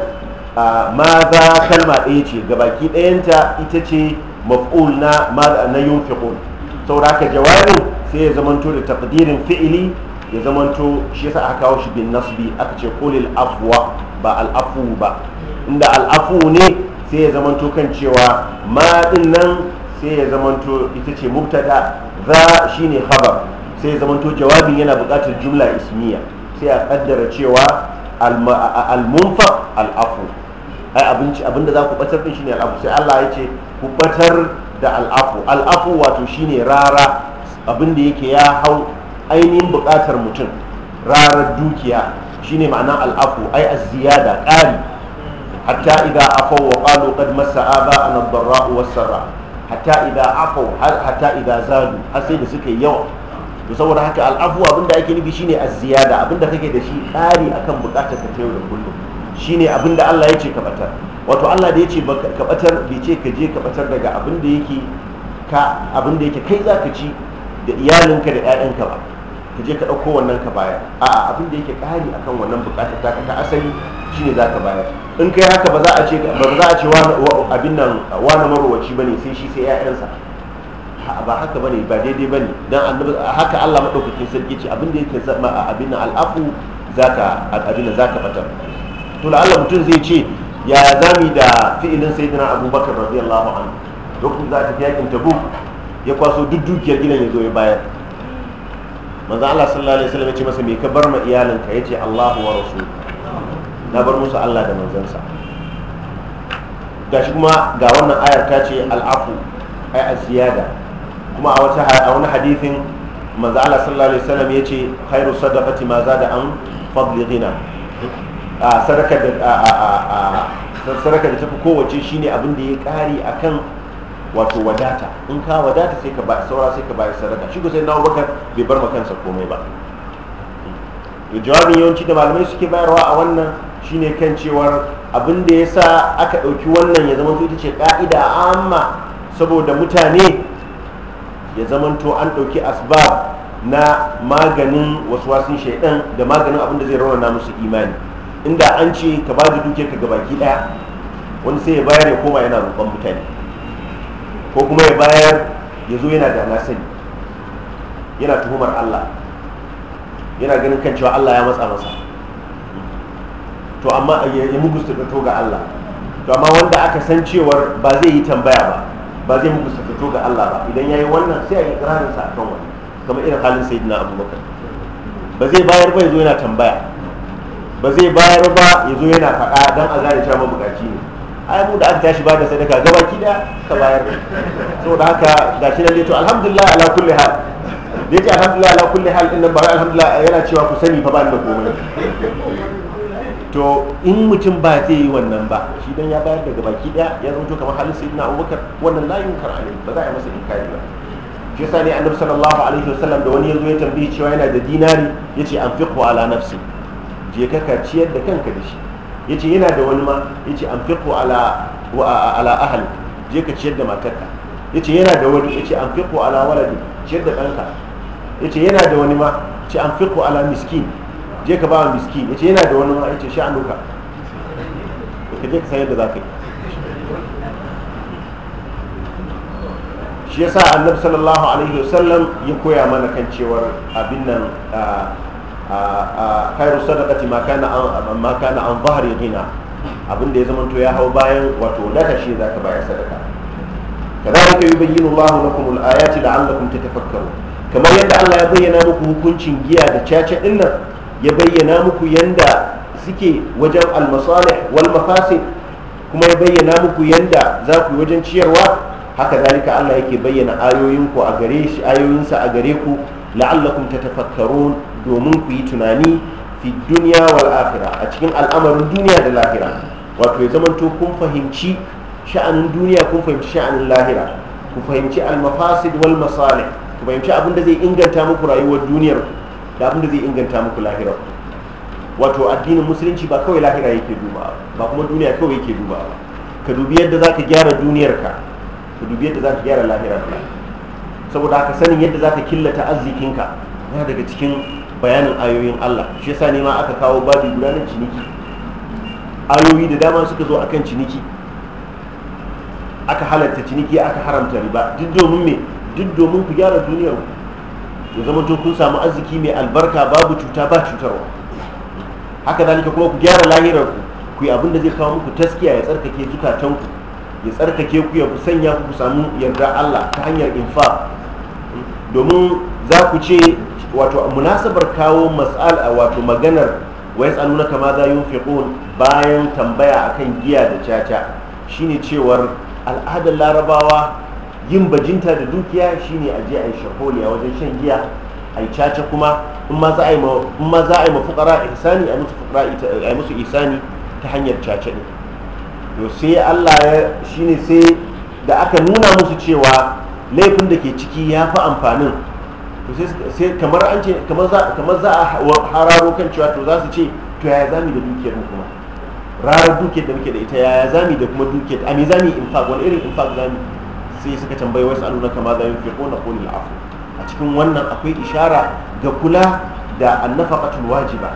ah, ma kalma ɗaya ce gabaki ɗayanta ita ce maf'ul na na yunfiqun saboda haka jawabin sai ya zamanto da taqdirin fi'ili ya zamanto shi yasa aka kawo shi bin nasbi aka ce qulil afwa ba al afu ba inda al afu ne sai ya zamanto kan cewa ma din nan sai ya zamanto ita ce mubtada za shine khabar sai ya zamanto jawabin yana buƙatar jumla ismiya sai a kaddara cewa al munfa al afu ai abinci abinda za ku batar din shine al afu sai Allah ya ce ku da al'afu al'afu wato shine rara abin da yake ya hau ainihin bukatar mutum rarar dukiya shine ma'ana al'afu ai aziyada ƙari hatta idan afau wa qalu qad massa aba'ana an dharrau was-sarra hatta idan afau hatta idan zalu har sai da suka yi yawa to saboda haka al'afu da ake nufi shine aziyada da kake da shi ƙari akan buƙatar ka ta yau da kullum shine abin da Allah ya ce ka batar wato Allah da ya ce kabatar bai ce ka je ka daga abin da yake kai za ka kai zaka ci da iyalinka da ya'yanka ba ka je ka ɗauko wannan ka bayar a abin da yake ƙari akan wannan buƙatar ta ta asali shine za ka bayar in kai haka ba za a ce ba za a ce abin nan wani marowaci bane sai shi sai ya'yansa ba haka ba ne ba daidai ba ne don haka Allah maɗaukakin sarki ce abin da yake zama a abin nan al'afu za abin da zaka batar to Allah mutum zai ce ya zami da fi'ilin sayyidina abubakar radiyallahu anhu lokacin za a tafi yakin tabuk ya kwaso duk dukiyar gidan ya zo ya bayar manzo Allah sallallahu alaihi wasallam ya ce masa me ka bar ma iyalinka yace Allahu wa rasul na bar musu Allah da manzansa gashi kuma ga wannan ayar ta ce al'afu ai aziyada kuma a wata a wani hadithin manzo Allah sallallahu alaihi wasallam yace khairu sadaqati ma zada an fadli ghina sadaka da ta tafi kowace shine abin da ya kari akan wato wadata in ka wadata sai ka ba saura sai ka ba sadaka shi ko sai na baka bai bar ma kansa komai ba to jawabin yawanci da malamai suke bayarwa a wannan shine kan cewar abin da yasa aka ɗauki wannan ya zama ita ce ka'ida amma saboda mutane ya zama to an ɗauki asbab na maganin wasu wasun shaidan da maganin abin da zai rauna musu imani inda an ce ka ba da dukiyar ka gabaki daya wani sai ya bayar ya koma yana roƙon mutane ko kuma ya bayar ya zo yana da nasani yana tuhumar Allah yana ganin kan cewa Allah ya matsa masa to amma ya mugusta fito ga Allah to amma wanda aka san cewar ba zai yi tambaya ba ba zai mugusta fito ga Allah ba idan ya yi wannan sai a yi ƙirarinsa a akan wani kamar irin halin sayidina Abubakar ba zai bayar ba ya zo yana tambaya ba zai bayar ba ya zo yana faɗa don a gane cewa mabukaci ne ai mu da aka tashi ba da sadaka gabaki da ka bayar da haka ga shi nan dai to alhamdulillah ala kulli hal da yace alhamdulillah ala kulli hal din nan ba alhamdulillah yana cewa ku sani fa ba ni da komai to in mutum ba zai yi wannan ba shi dan ya bayar da gabaki daya ya zanto kamar halin sayyidina abubakar wannan la yunkar alai ba za a yi masa inkari ba shi yasa ne annabi sallallahu alaihi wasallam da wani yazo ya tambaye cewa yana da dinari yace anfiqhu ala nafsi je ka ciyar da kanka da shi yace yana da wani ma yace anfiqu ala wa ala ahli je ka ciyar da matarka yace yana da wani yace anfiqu ala waladi ciyar da ɗanka yace yana da wani ma yace anfiqu ala miskin je ka ba wa miskin yace yana da wani ma yace sha'anuka ka je ka san yadda za ka yi shi yasa annabi sallallahu alaihi wasallam ya koya mana kan cewar abin nan ah, khairu sadaqati ma kana an ma kana an zahri ghina abin ya zama ya hau bayan wato latashi zaka bayar sadaka kadhalika yubayyinu Allahu lakum al-ayati la'allakum tatafakkarun kamar yadda Allah ya bayyana muku hukuncin giya da caca din ya bayyana muku yanda suke wajen al-masalih wal mafasid kuma ya bayyana muku yanda za ku yi wajen ciyarwa haka zalika Allah yake bayyana ayoyinku a gare shi ayoyinsa a gare ku la'allakum tatafakkarun domin ku yi tunani fi duniya wal akhira a cikin al'amarin duniya da lahira wato ya zamanto kun fahimci sha'anin duniya kun fahimci sha'anin lahira ku fahimci al-mafasid wal masalih ku fahimci abin da zai inganta muku rayuwar duniyar da abin da zai inganta muku lahira wato addinin musulunci ba kawai lahira yake duba ba kuma duniya kawai yake duba ba ka dubi yadda zaka gyara duniyar ka ka dubi yadda zaka gyara lahira ka saboda haka sanin yadda zaka killata arzikinka yana daga cikin bayanin ayoyin Allah shi yasa ne ma aka kawo babu guda na ciniki ayoyi da dama suka zo akan ciniki aka halatta ciniki aka haramta riba duk domin me duk domin ku gyara duniyar ku zama to kun samu arziki mai albarka babu cuta ba cutarwa haka zalika kuma ku gyara lahirar ku ku yi abin da zai kawo muku taskiya ya tsarkake zukatanku ya tsarkake ku ya ku sanya ku samu yarda Allah ta hanyar infa domin za ku ce wato munasabar kawo mas'ala wato maganar wai tsaluna kama za yunfiqun bayan tambaya akan giya da caca shine cewar al'adar larabawa yin bajinta da dukiya shine aje a shaholi a wajen shan giya a yi caca kuma in ma za a yi mafukara a musu fukara a musu ihsani ta hanyar caca ne to sai Allah ya shine sai da aka nuna musu cewa laifin da ke ciki ya fi amfanin sai kamar an ce kamar za a hararo kan cewa to za su ce to yaya zami da dukiyar mu kuma rarar dukiyar da muke da ita yaya zami da kuma dukiyar a me zami in fa wani irin in fa zami sai suka tambayi wasu aluna kama zami fi na kone afu a cikin wannan akwai ishara ga kula da annafaqatul wajiba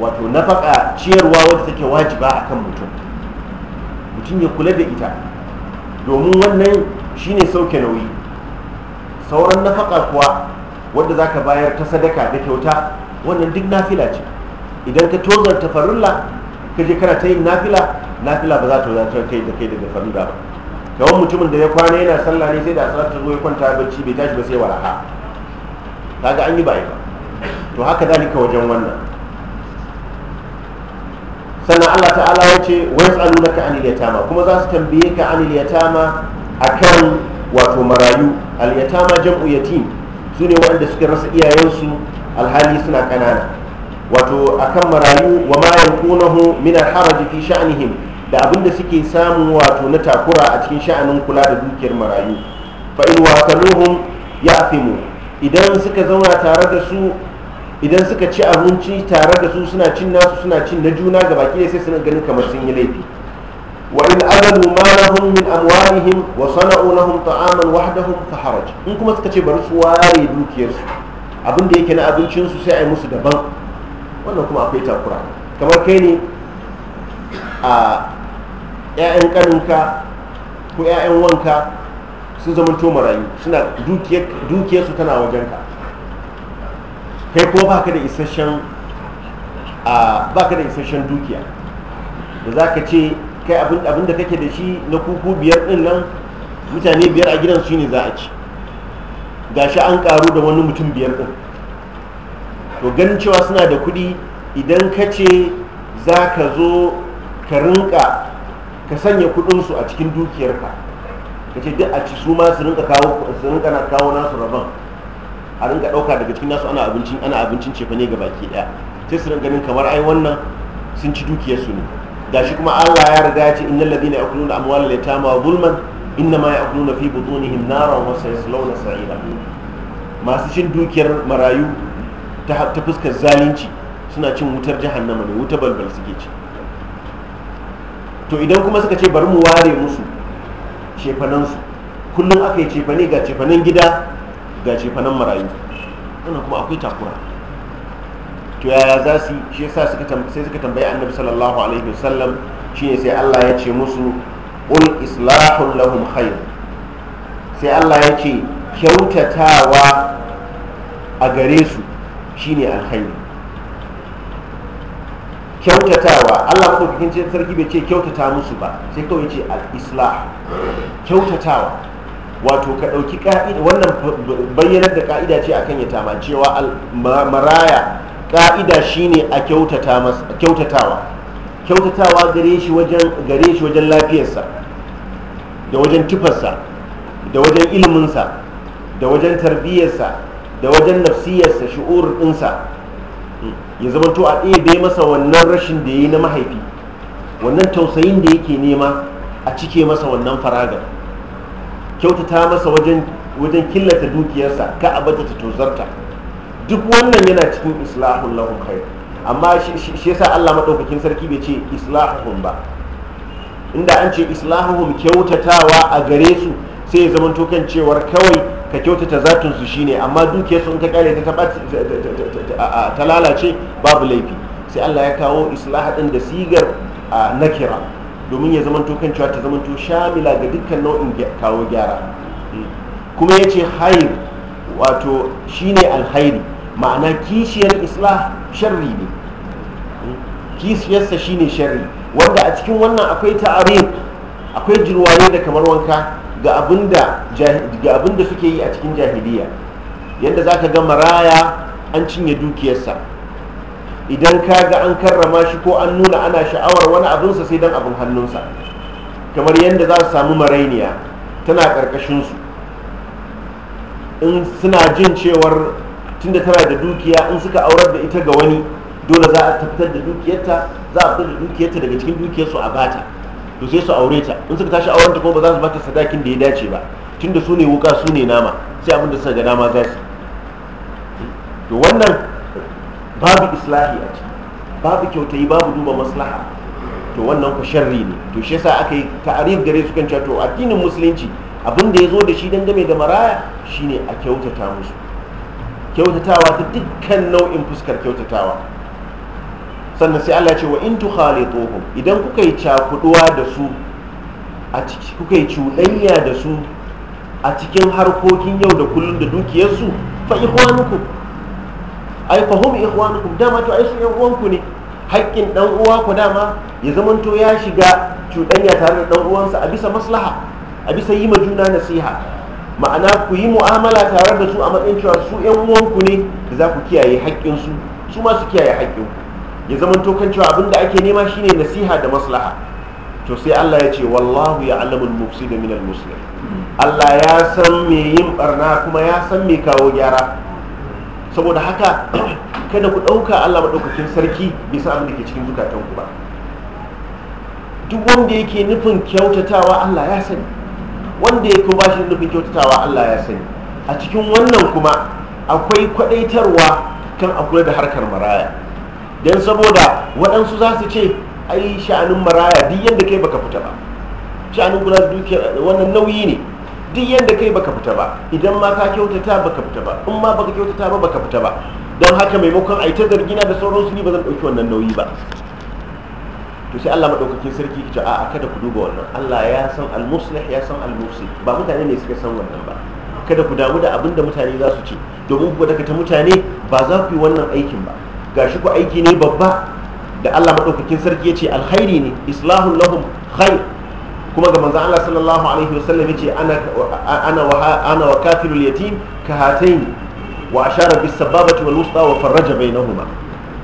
wato nafaka ciyarwa wadda take wajiba akan mutum mutum ya kula da ita domin wannan shine sauke nauyi sauran nafaka kuwa wanda za ka bayar ta sadaka da kyauta wannan duk nafila ce idan ka ta farilla ka je kana ta yin nafila nafila ba za ta wadatar kai da kai daga farilla ba kawai mutumin da ya kwana yana sallah ne sai da asalar ta zo ya kwanta bacci bai tashi ba sai waraka ga an yi bai ba to haka zalika wajen wannan sannan Allah ta'ala ya ce wa ka anil ma kuma za su tambaye ka anil a akan wato marayu alyatama yatama jam'u yatim su ne waɗanda suka rasa iyayensu alhali suna ƙanana wato akan marayu wa ma kunahu min al fi sha'nihim da abinda suke samu wato na takura a cikin sha'anin kula da dukiyar marayu fa in ya ya'fimu idan suka zauna tare da su idan suka ci abinci tare da su suna cin nasu suna cin na juna ga baki sai suna ganin kamar sun yi laifi وإن أذلوا ما لهم من أموالهم وصنعوا لهم طعاما وحدهم فحرج إن كما تكتب رسواري دوكيرس abin da yake na abincinsu sai a yi musu daban wannan kuma akwai takura kamar kai ne a 'ya'yan kaninka ko 'ya'yan wanka sun zama to marayu suna dukiyarsu tana wajen ka kai ko baka da isasshen dukiya da za ka ce kai abin da kake da shi na kuku biyar din nan mutane biyar a gidan su ne za a ci gashi an karu da wani mutum biyar din to ganin cewa suna da kuɗi idan ka ce za ka zo ka rinka ka sanya kudinsu a cikin dukiyarka ka ce duk a ci su ma su rinka kawo nasu rabon a rinka ɗauka daga cikin nasu ana abincin ana ga baki daya sai su ganin kamar ai wannan sun ci dukiyarsu ne gashi kuma Allah ya riga ya ce innal ladina yakuluna amwalal yatama zulman innama yakuluna fi butunihim nara wa sayaslawna sa'ira masu cin dukiyar marayu ta fuskar zalunci suna cin wutar jahannama ne wuta balbal suke ci to idan kuma suka ce bari mu ware musu cefanansu kullum aka yi cefane ga cefanen gida ga cefanen marayu wannan kuma akwai takura to yaya za su shi yasa suka sai suka tambayi annabi sallallahu alaihi wasallam shine sai Allah ya ce musu ul islahun lahum khair sai Allah ya ce kyautatawa a gare su shine alkhairi kyautatawa Allah ko cikin sarki bai ce kyautata musu ba sai kawai ce al islah kyautatawa wato ka ɗauki ka'ida wannan bayyanar da ka'ida ce akan ya tama cewa maraya ka'ida shine a kyautatawa kyautatawa gare shi wajen gare shi wajen lafiyarsa da wajen tufarsa da wajen iliminsa da wajen tarbiyyarsa da wajen nafsiyarsa shi'ur hmm. ya zama to a ɗebe masa wannan rashin da ya yi na mahaifi wannan tausayin da yake nema a cike masa wannan faragar kyautata masa wajen killata dukiyarsa ka a ta tozarta duk wannan yana cikin islahun lahun kai amma shi yasa Allah maɗaukakin sarki bai ce islahun ba inda an ce islahun kyautatawa a gare su sai ya zama tokan cewar kawai ka kyautata zatun su shine amma dukiyar su in ka kare ta ta lalace babu laifi sai Allah ya kawo islahun din da sigar nakira domin ya zama tokan cewa ta zama shamila ga dukkan nau'in kawo gyara hmm. kuma ya ce hayr wato shine alhairi ma'ana kishiyar islah sharri ne kishiyarsa shine sharri wanda a cikin wannan akwai ta'arif akwai jirwaye da kamar wanka ga abin da suke yi a cikin jahiliya yadda za ka ga maraya an cinye dukiyarsa idan ka ga an karrama shi ko an nuna ana sha'awar wani abinsa sai don abin hannunsa kamar yadda za su samu marainiya tana ƙarƙashinsu in suna jin cewar tunda tana da dukiya in suka aurar da ita ga wani dole za a tafitar da dukiyarta za a fitar da dukiyarta daga cikin dukiyarsu a bata to sai su aure ta in suka tashi auren ta kuma ba za su bata sadakin da ya dace ba tunda su ne wuka su ne nama sai abin da suka ga dama za su to wannan babu islahi a ciki babu kyautai babu duba maslaha to wannan ku sharri ne to shi yasa aka yi ta'arif gare su kan cewa to addinin musulunci abin da ya zo da shi dangane da maraya shine a kyautata musu kyautatawa ta dukkan nau'in fuskar kyautatawa sannan sai Allah ce wa in tukhalituhum idan kuka yi cakuduwa da su a ciki kuka yi cuɗanya da su a cikin harkokin yau da kullum da dukiyar su, fa ikhwanukum ai fa hum ihwanukum dama to ai su yan uwanku ne haƙƙin dan uwa ku dama ya zamanto ya shiga cuɗanya tare da dan uwansa a bisa maslaha a bisa yi ma juna nasiha ma'ana ku yi mu'amala tare da su a matsayin cewa su yan uwanku ne da za ku kiyaye haƙƙin su ma su kiyaye ku. ya zama kan cewa abinda ake nema shine nasiha da maslaha to sai Allah ya ce wallahu ya alamul mufsida min al muslim Allah ya san me yin barna kuma ya san me kawo gyara saboda haka kada ku ɗauka Allah maɗaukakin sarki bisa san abin da ke cikin zukatanku ba duk wanda yake nufin kyautatawa Allah ya sani wanda ya ba shi nufin kyautatawa Allah ya sani a cikin wannan kuma akwai kwadaitarwa kan a kula da harkar maraya don saboda waɗansu za su ce ai sha'anin maraya duk yadda kai baka fita ba sha'anin kula da dukiyar wannan nauyi ne duk yadda kai baka fita ba idan ma ka kyautata baka fita ba in ma baka kyautata ba baka fita ba don haka maimakon a yi ta zargina da sauransu ni ba zan ɗauki wannan nauyi ba to sai Allah madaukakin sarki ya ce a kada ku duba wannan Allah ya san al-muslih ya san al-mufsid ba mutane ne suka san wannan ba kada ku damu da abin da mutane za su ce domin ku daga ta mutane ba za ku yi wannan aikin ba gashi ku aiki ne babba da Allah madaukakin sarki ya ce alkhairi ne islahun lahum khair kuma ga manzon Allah sallallahu alaihi wasallam yace ana ana wa ana wa kafilul yatim ka hatayn wa ashara bis sababati wal wusta wa farraja bainahuma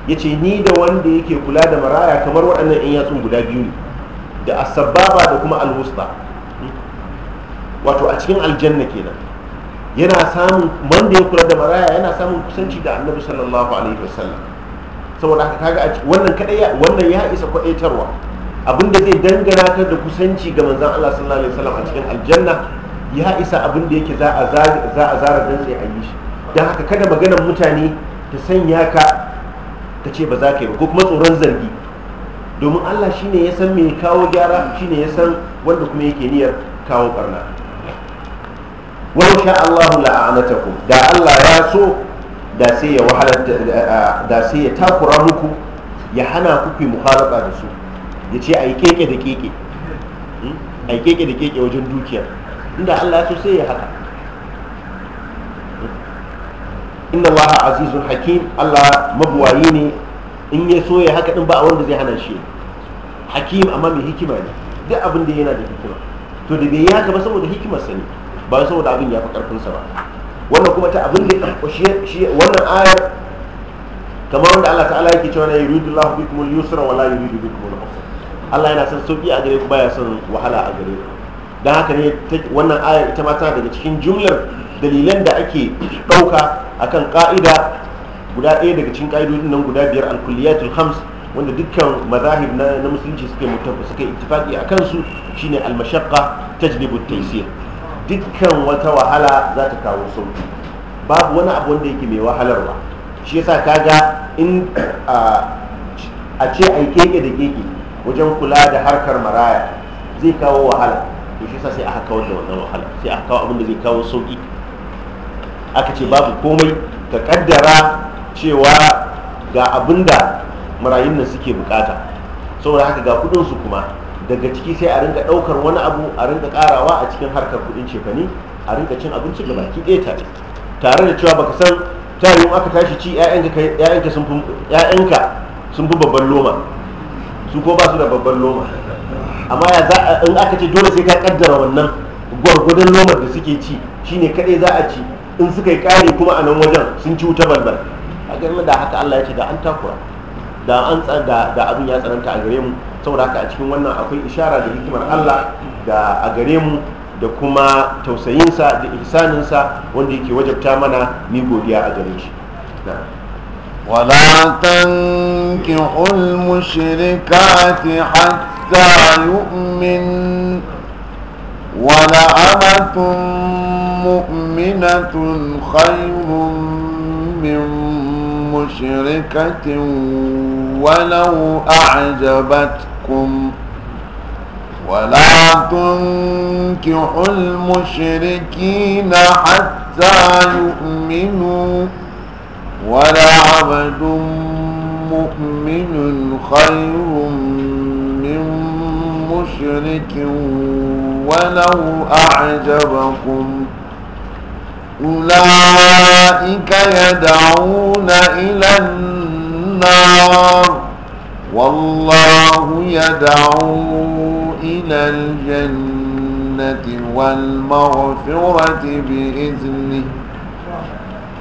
ya ce ni da wanda yake kula da maraya kamar waɗannan in yatsun guda biyu ne da asabbaba da kuma alhusta wato a cikin aljanna kenan yana samun wanda ya kula da maraya yana samun kusanci da annabi sallallahu alaihi wasallam saboda haka kaga a wannan kadai wannan ya isa kwadaitarwa abinda zai dangana ta da kusanci ga manzon Allah sallallahu alaihi wasallam a cikin aljanna ya isa abinda yake za a za a zara dantse a yi shi don haka kada maganar mutane ta sanya ka ta ce ba za ka yi ba ko kuma tsoron zargi domin allah shine ya san mai kawo gyara shine ya san wanda kuma yake niyyar kawo barna wani sha allahu la'anatakum da allah ya so da sai ya wahalar da sai ya takura muku ya hana ku fi muhalaba da su ya ce a yi keke da keke hmm? a yi keke da keke wajen dukiya inda allah ya so sai ya haka inna allaha azizun hakim allah mabuwayi ne in ya so ya haka din ba a wanda zai hana shi hakim amma mai hikima ne duk abin da yana da hikima to da bai yi haka ba saboda hikimar sani ba saboda abin ya fi karfin sa ba wannan kuma ta abin da shi wannan ayar kamar wanda Allah ta'ala yake cewa na yuridu Allahu bikum al-yusra wa la yuridu bikum al-usra Allah yana son sauki a gare ku baya son wahala a gare ku dan haka ne wannan ayar ita ma tana daga cikin jumlar dalilan da ake ɗauka akan ƙa'ida guda ɗaya daga cikin ƙa'idodin nan guda biyar alkuliyatul hams wanda dukkan mazahib na musulunci suke suke ittifaqi a kansu shine almashaqqa tajlibu taysir dukkan wata wahala za ta kawo sauki babu wani abu wanda yake mai wahalarwa shi yasa kaga in a ce ai keke da keke wajen kula da harkar maraya zai kawo wahala to shi yasa sai aka kawo da wannan wahala sai aka kawo abin da zai kawo sauki aka ce babu komai ka kaddara cewa ga abin da marayun nan suke bukata saboda haka ga kudinsu kuma daga ciki sai a rinka daukar wani abu a rinka karawa a cikin harkar kudin cefani a rinka cin abinci ga baki ɗaya tare tare da cewa baka san tayin aka tashi ci 'ya'yanka sun fi babban loma su ko ba su da babban loma amma ya za in aka ce dole sai ka kaddara wannan gwargwadon lomar da suke ci shine kadai za a ci in suka yi kare kuma a nan wajen sun ci wuta balbal a ganin da haka Allah ya ce da an takura da an da da abin ya tsananta a gare mu saboda haka a cikin wannan akwai ishara da hikimar Allah da a gare mu da kuma tausayinsa da ihsaninsa wanda yake wajabta mana ni godiya a gare shi ولا تنكحوا المشركات حتى ولأمة مؤمنة خير من مشركة ولو أعجبتكم ولا تنكحوا المشركين حتى يؤمنوا ولعبد مؤمن خير من مشرك ولو أعجبكم أولئك يدعون إلى النار والله يدعو إلى الجنة والمغفرة بإذنه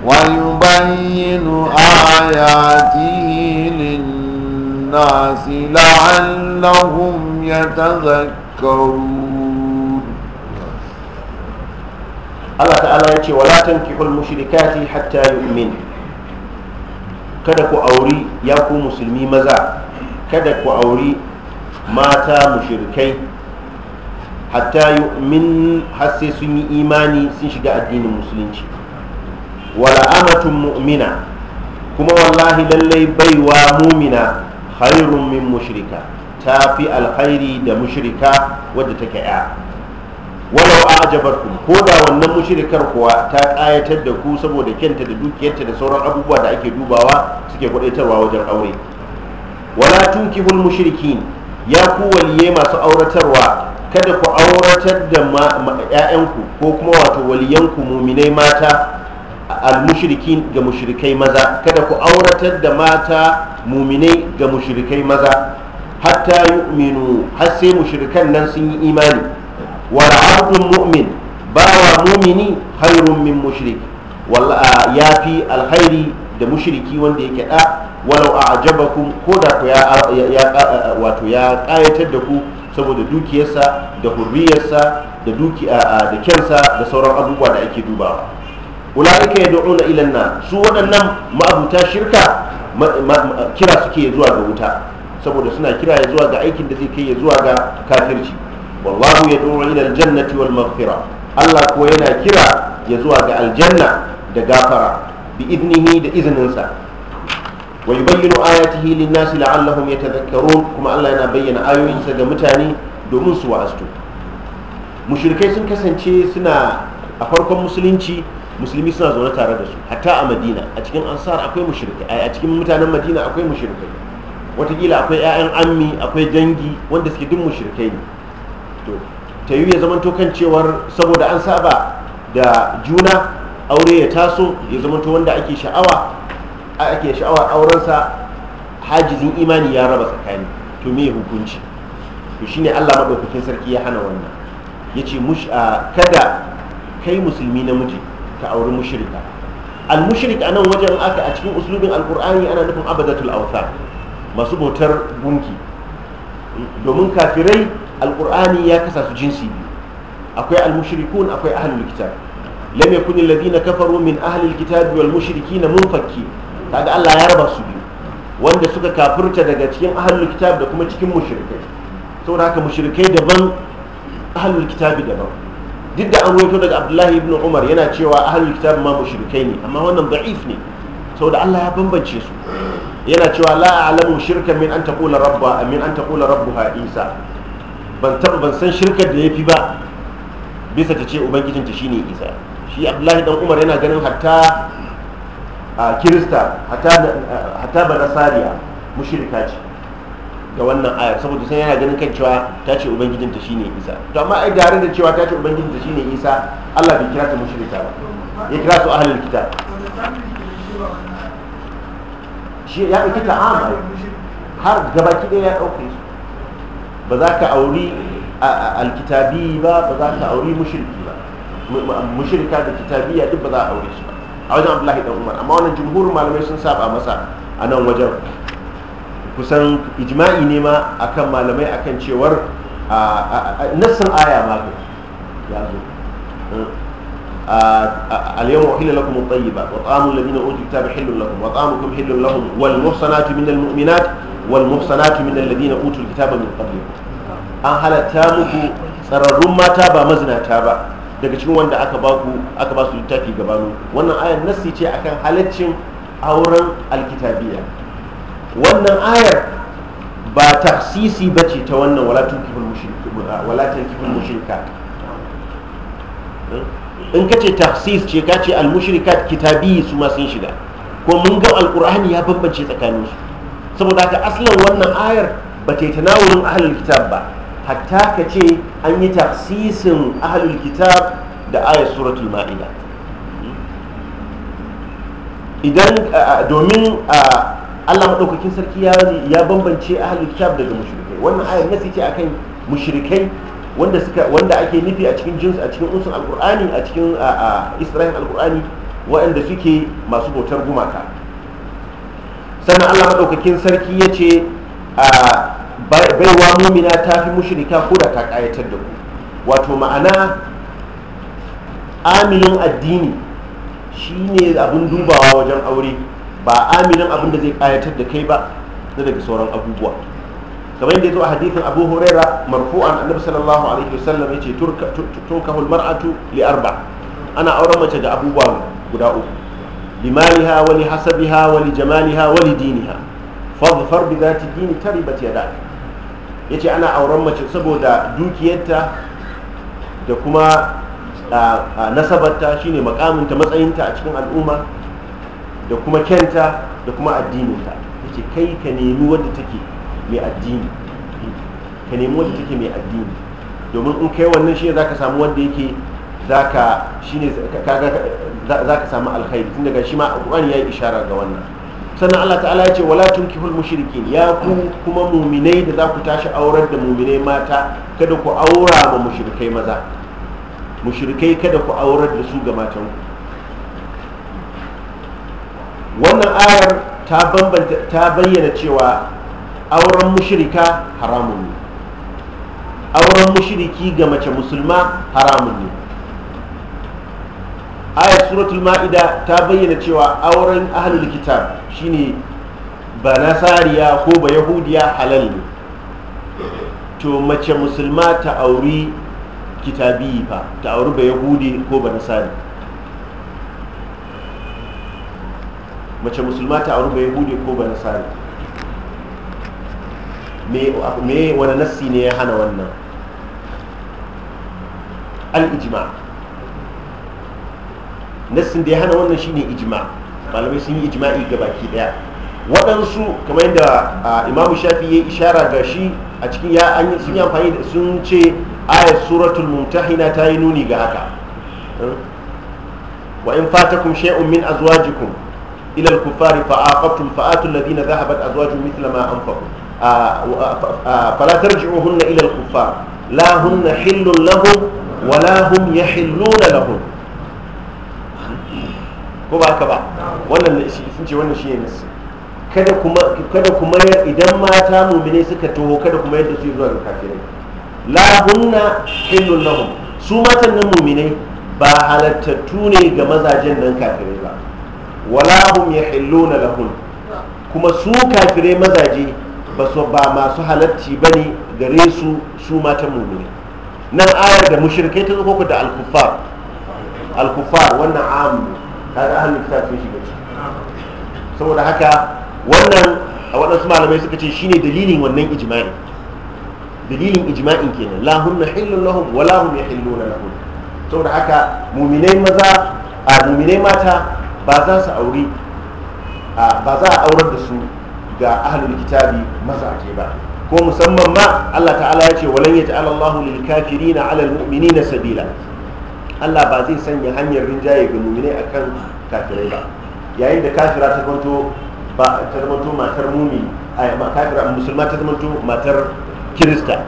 ويبين آياته للناس لعلهم يتذكرون Allah ta'ala ya ce wala tankihul mushrikati hatta yu'min kada ku auri ya ku musulmi maza kada ku auri mata mushrikai hatta yu'min har sai sun yi imani sun shiga addinin musulunci wala amatun mu'mina kuma wallahi lallai baiwa mumina khairun min mushrika ta fi alkhairi da mushrika wadda take ya walau ajabarku ko da wannan mushrikar kuwa ta ƙayatar da ku saboda kyanta da dukiyarta da sauran abubuwa da ake dubawa suke kwadaitarwa wajen aure wala tunkihul mushrikin ya ku waliye masu auratarwa kada ku auratar da ƴaƴanku ko kuma wato waliyanku muminai mata mushrikin ga mushrikai maza kada ku auratar da mata muminai ga mushrikai maza hatta yu'minu har sai mushrikan nan sun yi imani wa abdul mu'min bawa mumini hairun min mushrik ya fi alkhairi da mushriki wanda yake da walau a ajabakum ko da ku ya wato ya kayatar da ku saboda dukiyarsa da hurriyarsa da duki da kensa da sauran abubuwa da ake dubawa ulaika yad'una ila na su waɗannan ma'abuta shirka kira suke zuwa ga wuta saboda suna kira ya zuwa ga aikin da zai kai ya zuwa ga kafirci wallahu yad'u ila aljannati wal maghfira Allah kuwa yana kira ya zuwa ga aljanna da gafara bi idnihi da izininsa wa yubayyinu ayatihi lin-nasi la'allahum yatadhakkarun kuma Allah yana bayyana ayoyinsa ga mutane domin su wa'astu mushrikai sun kasance suna a farkon musulunci musulmi suna zaune tare da su hatta a madina a cikin ansar akwai mushrikai a cikin mutanen madina akwai mushirikai, wataƙila akwai 'ya'yan ammi akwai dangi wanda suke duk mushrikai ne to ta yi ya zama to kan cewar saboda an saba da juna aure ya taso ya zama to wanda ake sha'awa a ake sha'awa aurensa hajizin imani ya raba tsakani to me hukunci to shine Allah madaukakin sarki ya hana wannan yace mush kada kai musulmi namiji ka auri mushrika al mushrik nan wajen aka a cikin uslubin alqur'ani ana nufin abadatul awthan masu bautar gunki domin kafirai Alƙur'ani ya kasa su jinsi biyu akwai almushrikun akwai ahlul kitab lam yakun alladhina kafaru min ahlil kitab wal mushrikina munfakki kaga Allah ya raba su biyu wanda suka kafirta daga cikin ahlul kitab da kuma cikin mushrikai saboda haka mushrikai daban ahlul kitab daban duk da an wato daga Abdullahi ibn Umar yana cewa ahlul kitab ma mushrikai ne amma wannan da'if ne saboda Allah ya bambance su yana cewa la a'lamu shirkan min an taqula rabba min an taqula rabbuha isa ban taɓa ban san shirkar da ya fi ba bisa ta ce ubangijinta shi ne isa shi abdullahi dan umar yana ganin hatta a kirista hatta ba nasariya mushrika ce ga wannan ayar saboda sai yana ganin kan cewa ta ce ubangijinta shi ne isa to amma ai garin da cewa ta ce ubangijinta shi ne isa Allah bai kira ta mushrika ba ya kira su ahlul kita shi ya ɗauki ta'ama har gabaki ɗaya ya ɗauke su ba za ka auri alkitabi ba ba za ka auri mushriki ba mushrika da kitabiya duk ba za a aure su ba a wajen abdullahi dan umar amma wannan jumhurin malamai sun saba masa a nan wajen kusan ijma'i ne ma akan malamai akan cewar nassin aya ma ya zo اليوم أحل لكم الطيبات وطعام الذين أوتوا الكتاب حل لكم وطعامكم حل لهم والمحصنات من المؤمنات wal muhsanatu min alladhina utul kitaba min qablikum an halatta muku tsararrun mata ba mazinata ba daga cikin wanda aka ba ku aka ba su littafi gabanu wannan ayar nassi ce akan halaccin auren alkitabiya wannan ayar ba taksisi ba ce ta wannan walatan kifin mushrika in ka ce taksis ce ka ce almushrikat kitabi su ma sun shiga ko mun ga alkur'ani ya bambance tsakaninsu saboda haka asalin wannan ayar ba ta yi tanawurin ahalul kitab ba hatta ka ce an yi tafsisin ahalul kitab da ayar suratul ma'ida idan domin allah maɗaukakin sarki ya bambance ahalul kitab daga mushrikai wannan ayar nasi ce akan mushrikai wanda suka wanda ake nufi a cikin jins a cikin usul alkur'ani a cikin isra'il alkur'ani waɗanda suke masu bautar gumaka sannan allah maɗaukakin sarki ya ce baiwa mumina ta fi mushrika ko da ta ƙayatar da ku wato ma'ana amilin addini shine abin dubawa wajen aure ba amilin abin da zai ƙayatar da kai ba na daga sauran abubuwa kamar yadda ya zo a hadithin abu huraira marfu'an annabi sallallahu alaihi wasallam ya ce tunkahul mar'atu li ana auren mace da abubuwa guda uku لمالها ولحسبها ولجمالها ولدينها فاظفر بذات الدين تربت يداك yace ana auren mace saboda dukiyarta da kuma nasabarta shine makaminta matsayinta a cikin al'umma da kuma kyanta da kuma addininta yace kai ka nemi wadda take mai addini domin in kai wannan shi zaka samu wanda yake zaka shine kaga zaka samu alkhairi tun daga shi ma alqur'ani yayi ishara ga wannan sannan Allah ta'ala ya ce wala tunkihul mushrikin ya ku kuma muminai da za ku tashi aurar da muminai mata kada ku aura ma mushrikai maza mushrikai kada ku aurar da su ga matan wannan ayar ta bambanta ta bayyana cewa auren mushrika haramun ne auren mushriki ga mace musulma haramun ne ayat suratul ma'ida ta bayyana cewa auren ahlul kitab shine ba nasariya ko ba yahudiya halal ne to mace musulma ta auri kitabi fa ta auri ba yahudi ko ba nasari mace musulma ta auri ba yahudi ko ba nasari me wani nassi ne ya hana wannan al-ijma' nassin da ya hana wannan shine ijma malamai sun yi ijma'i ga baki daya waɗansu kamar yadda imam shafi ya ishara ga shi a cikin ya an sun yi amfani da sun ce ayat suratul mumtahina ta yi nuni ga haka wa in fatakum shay'un min azwajikum ila al-kuffari fa aqabtum fa atul ladina dhahabat azwajuhum mithla ma anfaqu fala tarji'uhunna ila al-kuffar la hunna hillun lahum wa la hum yahilluna lahum ko ba haka ba wannan sun ce wannan shi ne kada kuma kada kuma idan mata mumine suka taho kada kuma yadda su zuwa ga kafirai la hunna hillun lahum su matan nan mumine ba halattattu ne ga mazajen nan kafirai ba wala hum yahilluna lahun kuma su kafirai mazaje ba su ba masu halatti bane gare su su matan mumine nan ayar da mushrikai ta zo da al-kuffar al-kuffar wannan amu kaga ahlul kitab sun shiga saboda haka wannan a waɗansu malamai suka ce shine dalilin wannan ijma'i dalilin ijma'in kenan la hunna hillun lahum wa la hum yahilluna lahum saboda haka mu'minai maza a mu'minai mata ba za su aure ba za a aurar da su ga ahlul kitabi mazaje ba ko musamman ma Allah ta'ala ya ce walan yaj'al Allahu lil kafirina 'ala al mu'minina sabila Allah ba zai sanya hanyar rinjaye ga a akan kafirai ba yayin da kafira ta zamanto ba ta zamanto matar mumi a kafira musulma ta zamanto matar kirista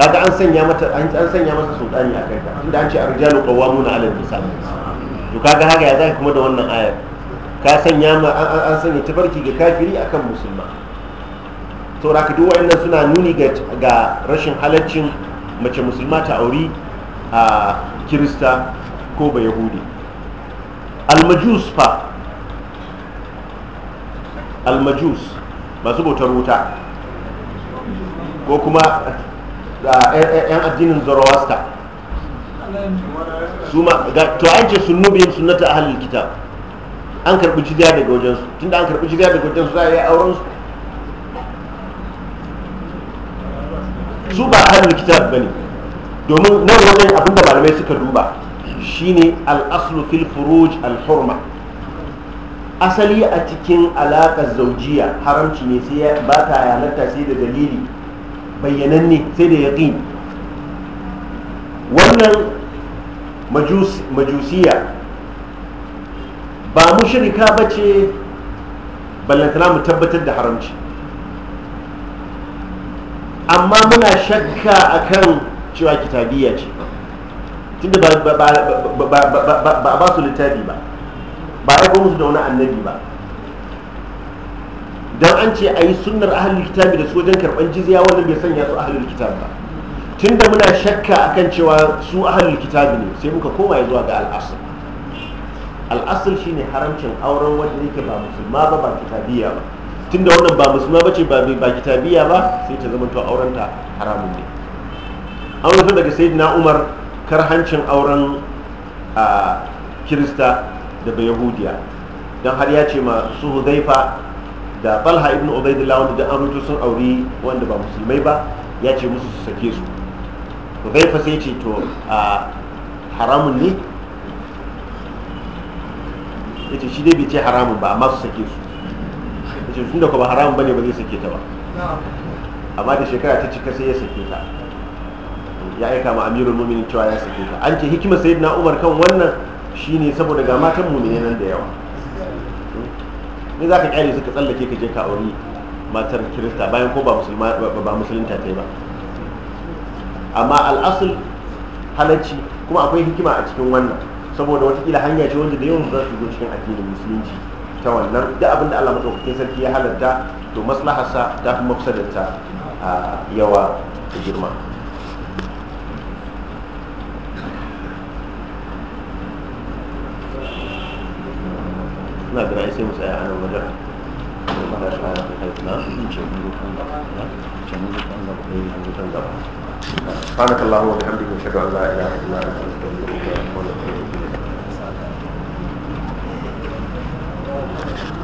kaga an sanya mata an sanya masa sultani a kanta inda an ce arjalu qawwamuna 'ala nisa to kaga haka ya zaka kuma da wannan ayar ka sanya ma an sanya tabarki ga kafiri akan musulma saura ka duk waɗannan suna nuni ga rashin halaccin mace musulma ta auri a kirista ko ba yahudi almajus fa almajus masu bautar wuta ko kuma yan addinin zoroaster su ma to an ce sunnubin sunnata halin kitab an karbi jizya daga wajensu tunda an karbi jizya daga wajensu za a yi auren su su ba halin kitab ne. domin nan wajen da malamai suka duba shine al'aslu fil furuj al-hurma asali a cikin alaƙar zaujiya haramci ne sai ba ta halatta sai da dalili bayyananne sai da yaƙin wannan majusiya ba mu shirika ba ce ballantana mu tabbatar da haramci amma muna shakka akan cewa kitabiyya ce tunda ba ba ba su littafi ba ba a musu da wani annabi ba don an ce a yi sunnar ahalul kitabi da su wajen karɓar jizya wannan bai sanya su ahalul kitabi ba tunda muna shakka akan cewa su ahalul kitabi ne sai muka koma ya zuwa ga al'asir al'asir shine haramcin auren wanda yake ba musulma ba ba kitabiya ba tunda wannan ba musulma ba ce ba kitabiya ba sai ta zama to aurenta haramun ne an rufe daga sayyidina umar karhancin auren a kirista da bai yahudiya don har ya ce ma su huzaifa da balha ibn ubaidillah wanda da an rufe sun auri wanda ba musulmai ba ya ce musu su sake su huzaifa sai ce to a haramun ne ya ce shi dai bai ce haramun ba amma su sake su ya ce sun da kuma haramun ba ne ba zai sake ta ba amma da shekara ta cika sai ya sake ta ya aika ma amirul mu'minin cewa ya sake ta an ce hikimar sayyidina umar kan wannan shine saboda ga matan mu'mini nan da yawa ne za ka kyale suka tsallake ka je ka auri matar kirista bayan ko ba musulunta ta yi ba amma al'asul halacci kuma akwai hikima a cikin wannan saboda kila hanya ce wanda da yawan za su zo cikin addinin musulunci ta wannan da abin da allah sarki ya halarta to maslahar sa ta fi ta yawa da girma ina gina sai mu tsaya a nan wajen Allah shi ana kai na ce mun rukan gaba ce mun rukan gaba ne eh, mun rukan gaba سبحانك اللهم وبحمدك نشهد ان لا اله الا انت نستغفرك ونتوب اليك